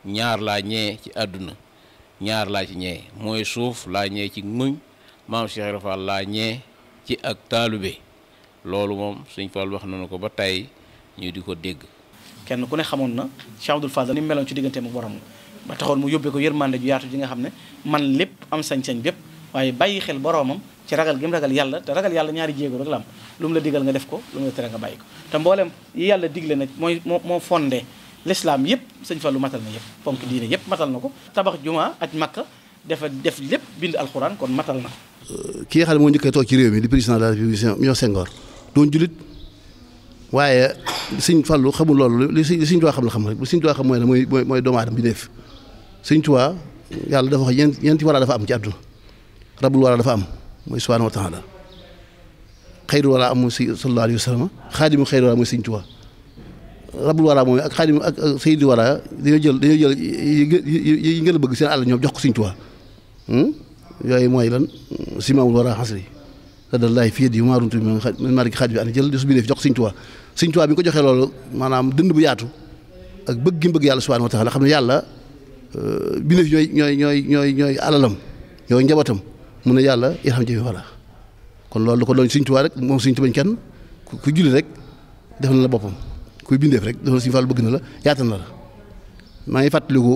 N: ñaar laa ñee ci àdduna ñaar laa ci ñee mooy suuf laa ñee ci muñ maam Cheikh Ibra Fall laa ñee ci ak taalube loolu moom suñ Fall wax nañu ko ba tey ñu di ko dégg.
F: kenn ku ne xamoon na Cheikh Abdoul Fadal ni mu meloon ci digganteem ak borom ba taxoon mu yóbbee ko yërmande ju yaatu ji nga xam ne man lépp am sañ waaye bàyyi xel boromam ci ragal gi mu yàlla te ragal yàlla ñaari jéego rek la am lu mu la digal nga def ko lu mu la tere nga bàyyi ko te mboolem yi yàlla digle na mooy moo moo l'islam yëpp sëñ Fallou matal na yëpp ponk diine yëpp matal na ko tabax juma aj makka dafa def lépp bind alxuraan kon matal na ko.
I: Euh, ki nga xam ne moo njëkkee toog ci réew mi di président de la République ñoo Senghor doon julit waaye sëñ Fallou xamul loolu li li sëñ Tuubaa xam la xam rek li sëñ Tuubaa xam mooy la mooy mooy doomu aadama bi def sëñ Tuubaa yàlla dafa wax ñeent ñeenti wara dafa am ci àdduna rabul wara dafa am mooy subhaanahu wa taala xayru wara am mooy sallallahu alayhi wa sallam xaadimu xayru wara mooy rabul wara moom ak xaadim ak sayidi wara dañoo jël dañoo jël yi ngeen a bëgg seen àll ñoom jox ko Sëriñ Tuubaa hmm? yooyu mooy lan simaamul wara xasri sadallaahi fi yadi maaruntu mi man maari xaaj bi an jël su bindee fi jox ko Sëriñ Tuubaa Sëriñ Tuubaa bi ko joxee loolu maanaam dënd bu yaatu ak bëgg gi bëgg yàlla subhaanahu wa la xam ne yàlla euh, bindee fi ñooy ñooy ñooy ñooy ñooy alalam ñooy njabootam mu na yàlla irham jafi wara kon loolu da ko doon Sëriñ Tuubaa rek moom Sëriñ Tuubaa kenn ku julli rek def na la boppam kuy bindeef rek dafa Sëriñ Fall bëgg na la yaata na la maa ngi fàttaliku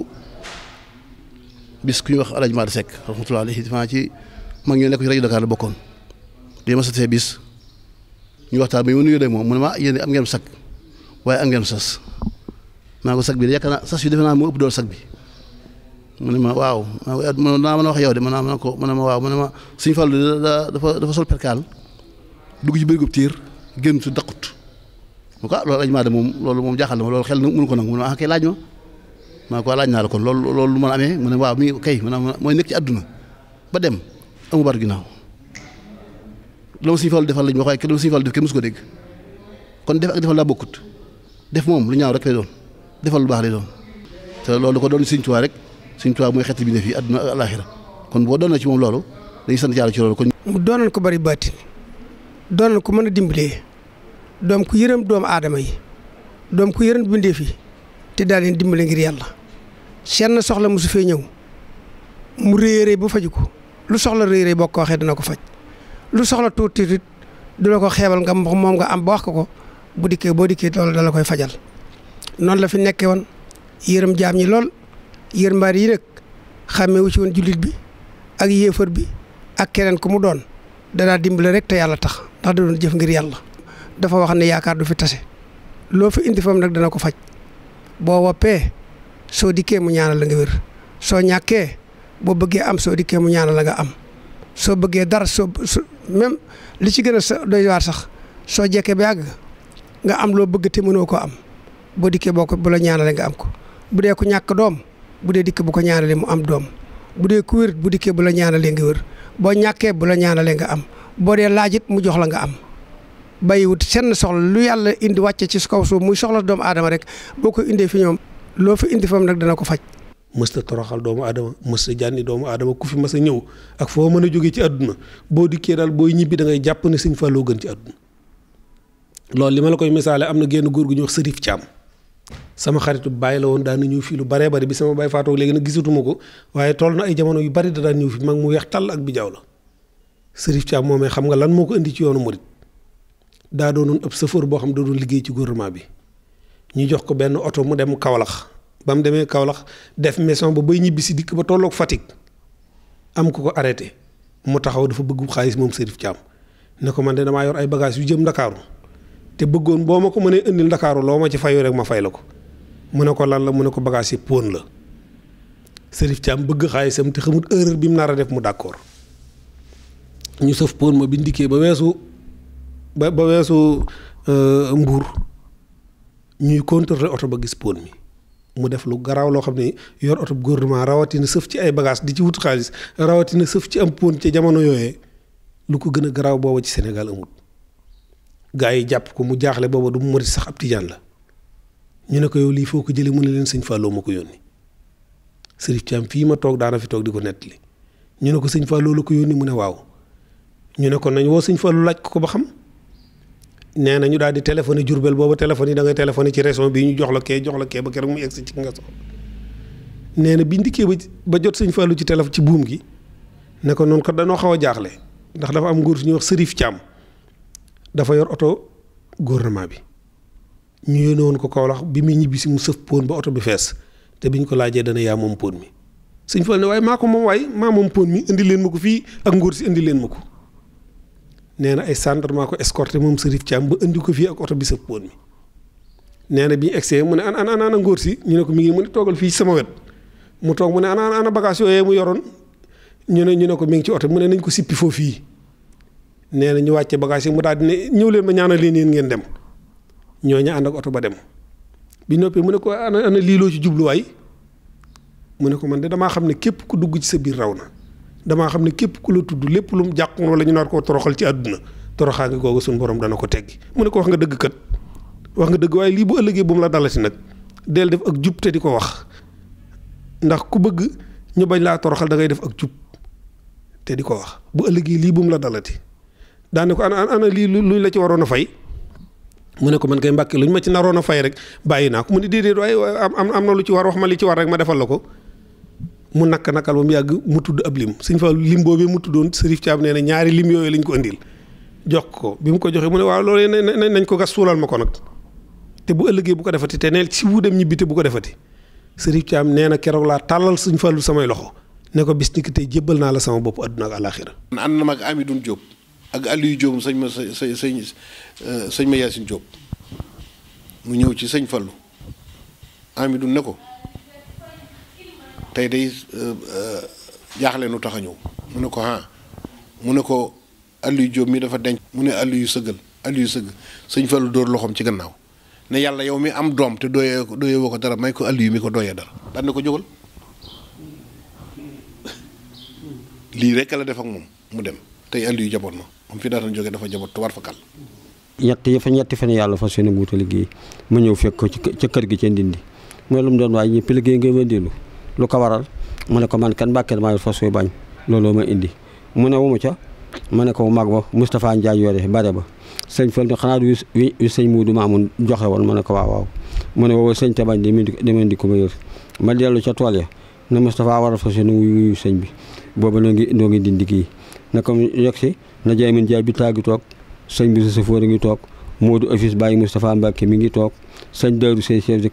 I: bis ku ñu wax Alaaji Maalik Sekk rahmatullahi alayhi maa ci mag ñu nekk ci rajo Dakar la bokkoon di ma sotee bis ñu waxtaan ba ñu nuyu de moom mu ne ma yéen am ngeen sag waaye am ngeen sas maa ko sag bi de yaakaar naa sas yu defe naa moo ëpp dool sag bi mu ne ma waaw maa mën naa a wax yow a a mu ne ma Sëriñ Fall dafa dafa sol perkaal dugg ci bërigub tiir génn su bu ko ah, loolu ajmaa moom loolu moom jaaxal na ma loolu xel ko nangu mu ne ah kay laaj ma maa ko ah, laaj naa la kon loolu loolu lu mën a mooy nekk ci àdduna ba dem amu bar ginnaaw la ma suñu fal defal lañ wax waaye la suñu fal def ko dégg kon def ak defal laa bokkut moom lu ñaaw rek lay doon lu baax lay te loolu ko doon Sëriñ Tuubaa rek Sëriñ Tuubaa mooy xeet bi ne fii àdduna ak alaaxira kon boo doon na ci moom loolu dañuy sant yàlla ci loolu kon.
K: doonal ko bari baatin doonal ko mën a dimbalee doom ku yërëm doomu aadama yi doom ku yërëm bindeef yi te daa dimbale ngir yàlla seen soxla mosu fee ñëw mu réeréy bu faju ko lu soxla réer boo ko waxee dana ko faj lu soxla tuuti tuuti du la ko xeebal nga moom nga am ba wax ko ko bu dikkee boo dikkee loolu dala koy fajal noonu la fi nekkee woon yërëm jaam yi lool yërëmbaar yi nag xàmmee wu ci woon jullit bi ak yéefar bi ak keneen ku mu doon danaa dimbale rek te yàlla tax ndax da jëf ngir yàlla dafa wax ne yaakaar du fi tase loo fi indi fam nag dana ko faj boo woppee soo dikkee mu ñaanal la nga wér soo ñàkkee boo bëggee am soo dikkee mu ñaanal la nga am soo bëggee dara soo même li ci gën a doy waar sax soo jekkee bi àgg nga am loo bëgg te mënoo ko am boo dikkee boo ko bu la ñaanalee nga am ko bu dee ku ñàkk doom bu dee dikk bu ko ñaanalee mu am doom bu dee ku bu dikkee bu la ñaanalee nga wér boo ñàkkee bu la ñaanalee nga am boo dee laajit mu jox la nga am. bàyyiwut seen soxla lu yàlla indi wàcce ci kaw suuf muy soxla doomu aadama rek boo ko indee fi ñoom loo fi indi fam nag dana ko faj.
H: mës toroxal doomu aadama mës ta jànni doomu aadama ku fi mës sa ñëw ak foo mën a jógee ci àdduna boo dikkee daal booy ñibbi da ngay jàpp ne sëñ loo gën ci àdduna lool li ma la koy misaale am na génn góor gu ñuy wax Sërif Thiam sama xaritu bàyyi la woon daan ñëw fii lu baree bari bi sama bàyyi faatoo léegi nag gisatuma ko waaye toll na ay jamono yu bari da ñëw fi mag mu weex tàll ak bijaaw la Sërif Thiam moomee xam nga lan moo ko indi ci yoonu murit daa doonoon ab chauffeur boo xam da doon liggéey ci gouvernement bi ñu jox ko benn oto mu dem Kaolack ba mu demee Kaolack def maison ba bay ñibbisi dikk ba tolloog Fatick am ku ko arrêté mu taxaw dafa bëgg xaalis moom Serif Thiam ne ko man de damaa yor ay bagages yu jëm Ndakaaru te bëggoon boo ma ko mënee indil Ndakaaru loo ma ci fayoo rek ma fay la ko mu ne ko lan la mu ne ko bagages yi pon la Serif Thiam bëgg xaalisam te xamut erreur bi mu nar a def mu d'accord ñu ba ba weesu euh, Mbour ñuy contrôler oto ba gis pon mi mu def lu garaaw loo xam ne yor oto gouvernement rawatina sëf ci ay bagage di ci wut xaalis rawatina sëf ci am pon ci jamono yooyee lu ko gën a garaaw booba ci Sénégal amul gaa yi jàpp ko mu jaaxle booba du mu murit sax ab tijaan la ñu ne ko yow lii foo ko jëlee mu ne leen sëñ Fallou ma ko yónni Sërif Thiam fii ma toog daana fi toog di ko nettali ñu ne ko sëñ Fallou la ko yónni mu ne waaw ñu ne nañ woo sëñ Fallou ko ko xam nee na ñu daal di téléphoné Jurbel boobu téléphone yi da ngay téléphoné ci région bi ñu jox kee jox la kee ba keroog mu egsi ci nga soxla nee na biñ dikkee ba jot sëñ Fallou ci téléphone ci buum gi ne ko noonu kat danoo xaw a jaaxle ndax dafa am nguur su ñuy wax Sërif Thiam dafa yor oto gouvernement bi ñu yónnee woon ko Kaolack bi muy ñibbi si mu sëf pon ba oto bi fees te biñ ko laajee dana yaa moom pon mi sëñ Fallou ne waaye maa ko moom waaye maa moom pon mi indi leen ma ko fii ak nguur si indi leen ma ko. nee na ay gendarme ko escorté moom Serif Thiam ba indi ko fii ak oto bi sa poon mi nee na bi egsee mu ne an an ana ngóor si ñu ne ko mi ngi mu ne toogal fii sama wet mu toog mu ne ana ana bagage yooyee mu yoroon ñu ne ñu ne ko mi ngi ci oto mu ne nañ ko sippi foofu fii nee na ñu wàcce bagage yi mu daal di ne ñëw leen ma ñaanal leen yéen ngeen dem ñooñu ànd ak oto ba dem bi noppee mu ne ko ana ana lii ci jubluwaay mu ne ko man de damaa xam ne képp ku dugg ci sa biir raw na damaa xam ne képp ku la tudd lépp lu mu jàqoon wala ñu nar koo toroxal ci àdduna toroxaa ngi googu suñu boroom dana ko teggi mu ne ko wax nga dëgg kat wax nga dëgg waaye lii bu ëllëgee bu mu la dalati nag del def ak jub te di ko wax ku bëgg ñu bañ laa toroxal da ngay def ak jub te di ko wax bu ëllëgee lii bu mu la dalati daane ko ana ana lii luñ la ci waroon a fay mu ne ko man kay mbàkke luñ ma ci naroon a fay rek bàyyi naa ko mu ne déedéet waaye am am na lu ci war wax ma li ci war rek ma defal la ko mu nakk nakal ba mu yàgg mu tudd ab lim sëñ Fallu lim boobee mu tuddoon Sërif Caam nee na ñaari lim yooyu lañ ko indil jox ko bi mu ko joxee mu ne waaw loolu nañ ko gas suulal ma ko nag te bu ëllëgee bu ko defati te neel ci bu dem ñibbi te bu ko defati Sërif Caam nee na keroog laa tàllal suñ Fallu samay loxo ne ko bis ni ki tey jébbal naa la sama bopp àdduna ak àlaaxira
L: ànd na ma ak Amidun Jóob ak Aliyu Jóob sañ ma sëñ sëñ sëñ ma Yaasin Jóob mu ñëw ci sëñ Fallu ne ko tey day euh, euh, jaaxle nu tax a ñëw mu ne ko ah mu ne ko Aliou Diop mi dafa denc mu ne Aliou yu sëggal Aliou yu sëgg sëñ Fallou dóor loxoom ci gannaaw ne yàlla yow mi am doom te dooyee dooyee ko dara may ko yu mi ko doyee dara daan ko jógal lii rek la def ak moom mu dem tey yu jaboot na moom fi daataan jóge dafa jaboot tubaar fa kàll
A: ñett fa ñetti fan yàlla fas yéene wuute liggéey ma ñëw fekk ko ca kër gi ca ndindi mooy lu mu doon waaye ñëpp liggéey ngay wëndeelu lu ko waral mu ne ko man kenn mbàkkeel ma yor fas suy bañ looloo ma indi mu ne wuma ca mu ne ko bu mag ba Moustapha Ndiaye yore bare ba sëñ Fall xanaa du wi sëñ Muudu Maamun joxe woon mu ne ko waaw waaw mu ne woowu sëñ te bañ dama indi ko ma yor ma dellu ca tool ya ne Moustapha waral fas yi nu wuyu sëñ bi boobu noo ngi noo ngi dindi kii na ko yegg si na jaay min jaay bi tàggi toog sëñ bu sa safóor a ngi toog Modou office bàyyi Moustapha Mbacke mi ngi toog sëñ Daaru seen chef de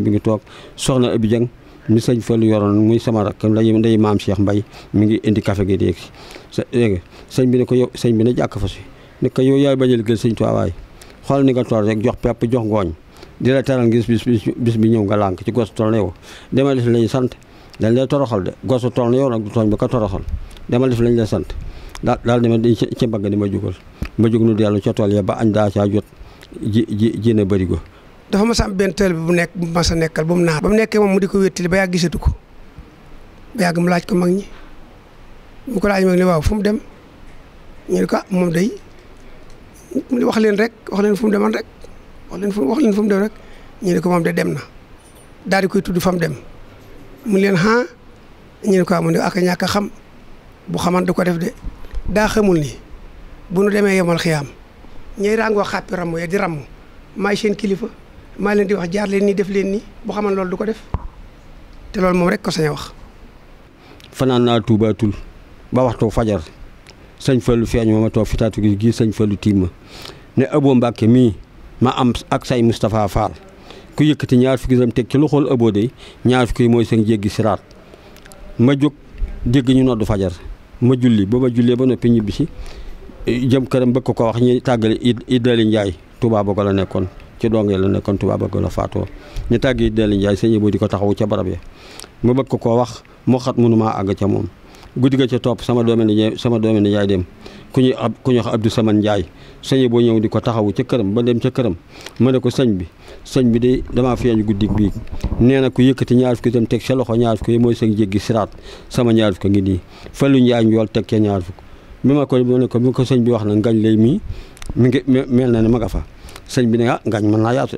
A: mi ngi toog soxna Abi Dieng mi sëñ Fallu yoroon muy sama rakk nday nday maam Cheikh Mbay mi ngi indi café gi léegi dégg sëñ bi ne ko yow sëñ bi ne jàkk fa si ne ko yow yaay jël gël sëñ tuwaay xool ni nga toor rek jox pepp jox ngooñ di la teral ngis bis bis bi ñëw nga lànk ci gos toll na yow demal def lañu sant dañ lay toroxal de gosu yow nag du tooñ ba ko toroxal demal def la sant daal daal dama di ci mbagg ni ma jugal ma jug nu dellu ca tool ya ba añ daal caa jot ji ji ji na bërigo dafa mas a am benn
K: bu nekk bu mas a nekkal ba mu naar ba mu nekkee moom mu di ko wéttali ba yàgg gisatu ko ba yàgg mu laaj ko mag ñi mu ko laaj mag ni waaw fu mu dem ñu ne ko ah, moom day wax leen rek wax leen fu mu demoon rek wax leen wax leen fu mu dem rek ñu ne ko moom de dem na daal di koy tudd fa dem mu leen ah ñu ne ko ah, mu ak ñàkk xam bu xaman du ko def de daa xamul ni bu nu demee yemal am ñooy ràngoo xàppi ramm ya di ramm maay seen kilifa. maa leen di wax jaar leen nii def leen nii bu xaman loolu du ko def te loolu moom rek ko sañ wax.
A: fanaan naa tuubaatul ba waxtu fajar sëñ Fallou feeñ ma ma toog fitaatu gi gii sëñ Fallou tiim ma ne Abo Mbacke mii ma am ak say Moustapha Fall ku yëkkati ñaar fukki dërëm teg ci loxol Abo de ñaar fukki mooy seen jéggi siraat ma jóg dégg ñu noddu fajar ma julli ba ma jullee ba noppi ñibbisi si jëm këram bëgg ko ko wax ñu tàggale Idali Ndiaye Touba ko la nekkoon. ci dongee la nekkoon tubaab ak la faatoo ñu tàgg yi delli njaay sëñ bu di ko taxawu ca barab ya ma bëgg ko koo wax mu xat mënumaa àgg ca moom guddi ga ca topp sama doomi nijaay sama doomi nijaay dem ku ñuy ab ku ñuy wax Abdou Saman Njaay sëñ boo ñëw di ko taxawu ca këram ba dem ca këram ma ne ko sëñ bi sëñ bi de damaa feeñ guddi bii nee na ku yëkkati ñaar fukki dem teg sa loxo ñaar fukki mooy sëñ jéggi siraat sama ñaar fukki ngi nii lu Njaay njool teg ca ñaar fukk ko ne ko sëñ bi wax na ngañ lay mii mi ngi mel na ne ma fa sëñ bi ne ah ngañ mën naa yaatu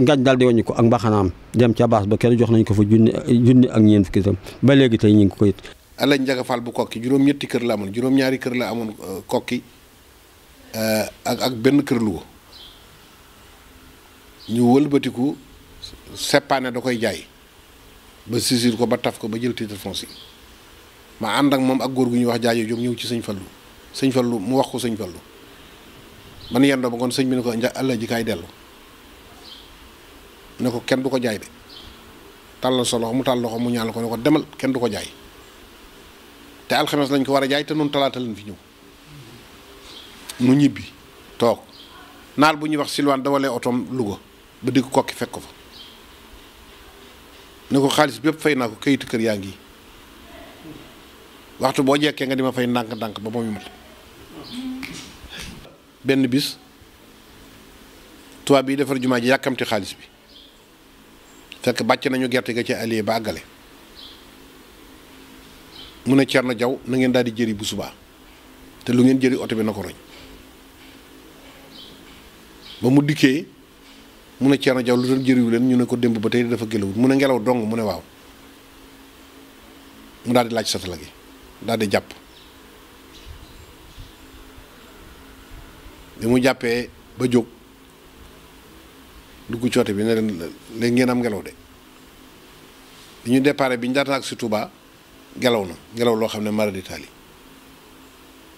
A: ngañ daal di ko ak mbaxanaam dem ca baas ba kenn jox nañ ko fa junni junni ak ñeent fukki ba léegi tey ñu ngi ko it.
L: Alañ Njaga Fall bu kokki juróom-ñetti kër la amoon juróom-ñaari kër la amoon euh, kokki euh, ak ak benn kër Louga ñu wëlbatiku seppaane da koy jaay ba sisir ko ba taf ko ba jël titre foncier ma ànd ak moom ak góor gu ñuy wax jaajo jom ñëw ci sëñ fal Fallu sëñ fal lu mu wax ko sëñ Fallu ban yendoo ba kon sëñ bi ne ko nja àll ji kaay dellu ne ko kenn du ko jaay de tàllal sa loxo mu tàll loxo mu ñaan ko ne ko demal kenn du ko jaay te alxames lañ ko war a jaay te nun talaata lañ fi ñëw mu ñibbi toog naal bu ñuy wax silwaan dawalee otoom Louga ba digg kokki fekk fa ne ko xaalis yëpp fay naa ko kayitu kër yaa ngi waxtu boo jekkee nga di ma fay ndànk-ndànk ba moom yu mat benn bis tuwaab bi defar jumaa ji yàkkamti xaalis bi fekk bàcc nañu gerte ga ci allié ba àggale mu ne Thierno na ngeen daal di jëri bu subaa te lu ngeen jëri oto bi na ko roñ ba mu dikkee mu ne na Diaw lu doon jëriwu leen ñu ne ko démb ba tey dafa gëlawut mu ne ngelaw dong mu ne waaw mu daal di laaj satala gi daal jàpp bi mu jàppee ba jóg dugg coote bi ne leen léegi ngeen am ngelaw de bi ñu déparé bi ñu daataan ak si Touba ngelaw na ngelaw loo xam ne mara di taali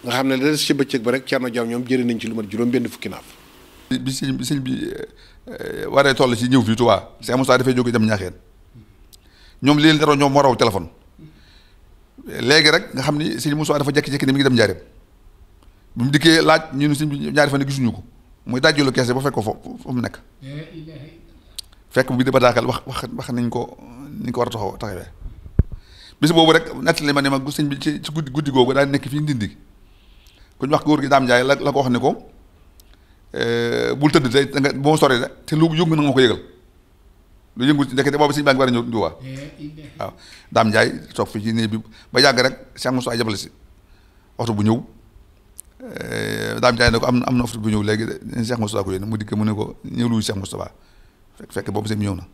L: nga xam ne da des ci bëccëg ba rek Thierno Diaw ñoom jëri
G: nañ ci lu mat juróom benn fukki naaf. bi sëñ bi sëñ bi euh, waree ñëw fii Touba Cheikh Moussa dafay jóge dem ñaaxeen ñoom li leen daroo ñoom moo raw téléphone léegi rek nga xam ni sëñ Moussa dafa jékki jekki ne mu ngi dem Njaareem. bu mu dikkee laaj ñu ne sëñ bi ñaari fan gisuñu ko muy dajjulu keese ba fekk ko foofu foofu mu nekk fekk bi di bataaxal wax wax wax nañ ko ni ko war a taxaw taxawee bis boobu rek nettali ma ne ma sëñ bi ci ci guddi guddi googu daal nekk fii ndindi ku ñu wax góor gi daam Ndiaye la la ko wax ni ko eh, bul tëdd tey boo sori de te lu yëngu na nga ko yëgal lu yëngu ndekete boobu sëñ baa ngi war a ñëw njuwaa waaw daam Ndiaye toog fii ci néeg bi ba yàgg rek sànq su ay jabal si oto bu ñëw. Euh, daam jaay ne ko am am na offre bu ñëw léegi Cheikh Moustapha ko yéen mu dikk mu ne ko ñëwlu Cheikh Moustapha fekk fekk boobu sëñ bi ñëw na.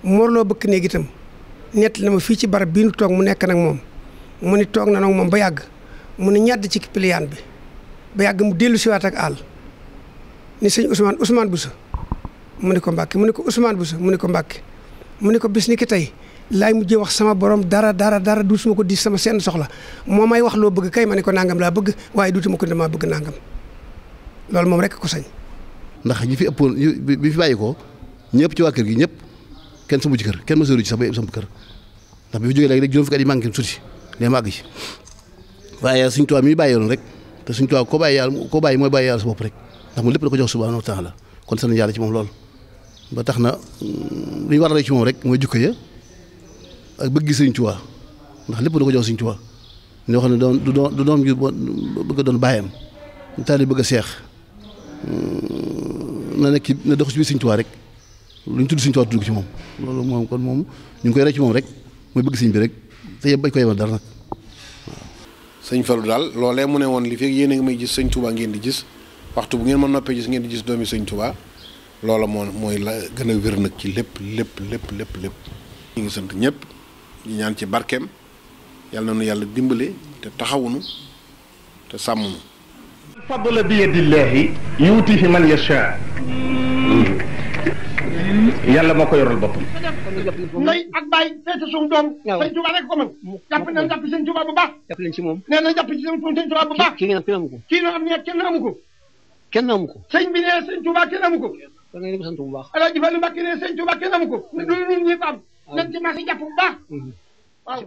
K: Morlo bëkk néeg itam nett na ma fii ci barab bii toog mu nekk nag moom mu ni toog na nag moom ba yàgg mu ne ñàdd ci piliyaan bi ba yàgg mu dellu siwaat ak àll ni sëñ Ousmane Ousmane Boussa mu ne ko Mbacke mu ne ko Ousmane Boussa mu ne ko Mbacke mu ne ko bis ki tey. laay mujjee wax sama borom dara dara dara duutuma ko di sama seen soxla moo may wax loo bëgg kay ma ne ko nangam laa bëgg waaye duutuma ko damaa bëgg nangam loolu moom rek ko sañ.
I: ndax ñi fi ëppoon bi fi bàyyi ko ñëpp ci waa kër gi ñëpp kenn sëmbu ci kër kenn ma sëru ci sax ba kër ndax bi fi jógee rek juróom fukki yi manqué suuti day màgg ci waaye suñ tubaab mi bàyyi rek te suñ tubaab ko bàyyi yàlla koo bàyyi mooy bàyyi yàlla sa bopp rek ndax moom lépp da ko jox subhaanahu wa la kon sant yàlla ci moom lool ba tax na mm, li ñu war ci moom rek mooy jukko ya ak bëgg Sëñ Tuubaa ndax lépp da ko jox Sëñ Tuubaa ñoo xam ne doon du doon du doom ju bëgg a doon bàyyam taali bëgg a seex hmm, na nekk na dox ci biir Sëñ Tuubaa rek lu ñu tudd Sëñ Tuubaa tudd ko ci moom loolu moom kon moom ñu ngi koy rey ci moom rek mooy bëgg sëñ bi rek te yeb bañ ko yebal dara nag
L: waaw. sëñ Fallou daal loolee mu ne woon li fekk yéen a ngi may gis Sëñ Tuubaa ngeen di gis waxtu bu ngeen ma noppee gis ngeen di gis doomi Sëñ Tuubaa loola moo mooy la gën a wér nag ci lépp lépp lépp lépp lépp ñu ngi sant ñëpp ñu ñaan ci barkeem yàlla na nu yàlla dimbale te taxawunu te sàmmunu
D: fadla bi yadillaahi yuutihi man yashaa yàlla moo ko yoral boppam
J: ndey ak baay feete suñu doom sëñ Tuubaa rek ko mën jàpp na jàpp sëñ Tuubaa bu baax jàpp leen ci moom na jàpp ci sëñ Tuubaa bu baax kii ngeen am kenn amu ko kii ngeen am ne kenn amu ko kenn amu ko sëñ bi ne sëñ Tuubaa kenn amu ko da ngay sant bu baax Alaaji Fallu Mbàkke ne sëñ Tuubaa kenn amu ko lu ñun ñëpp am nañ ci maas yi jàpp bu baax waaw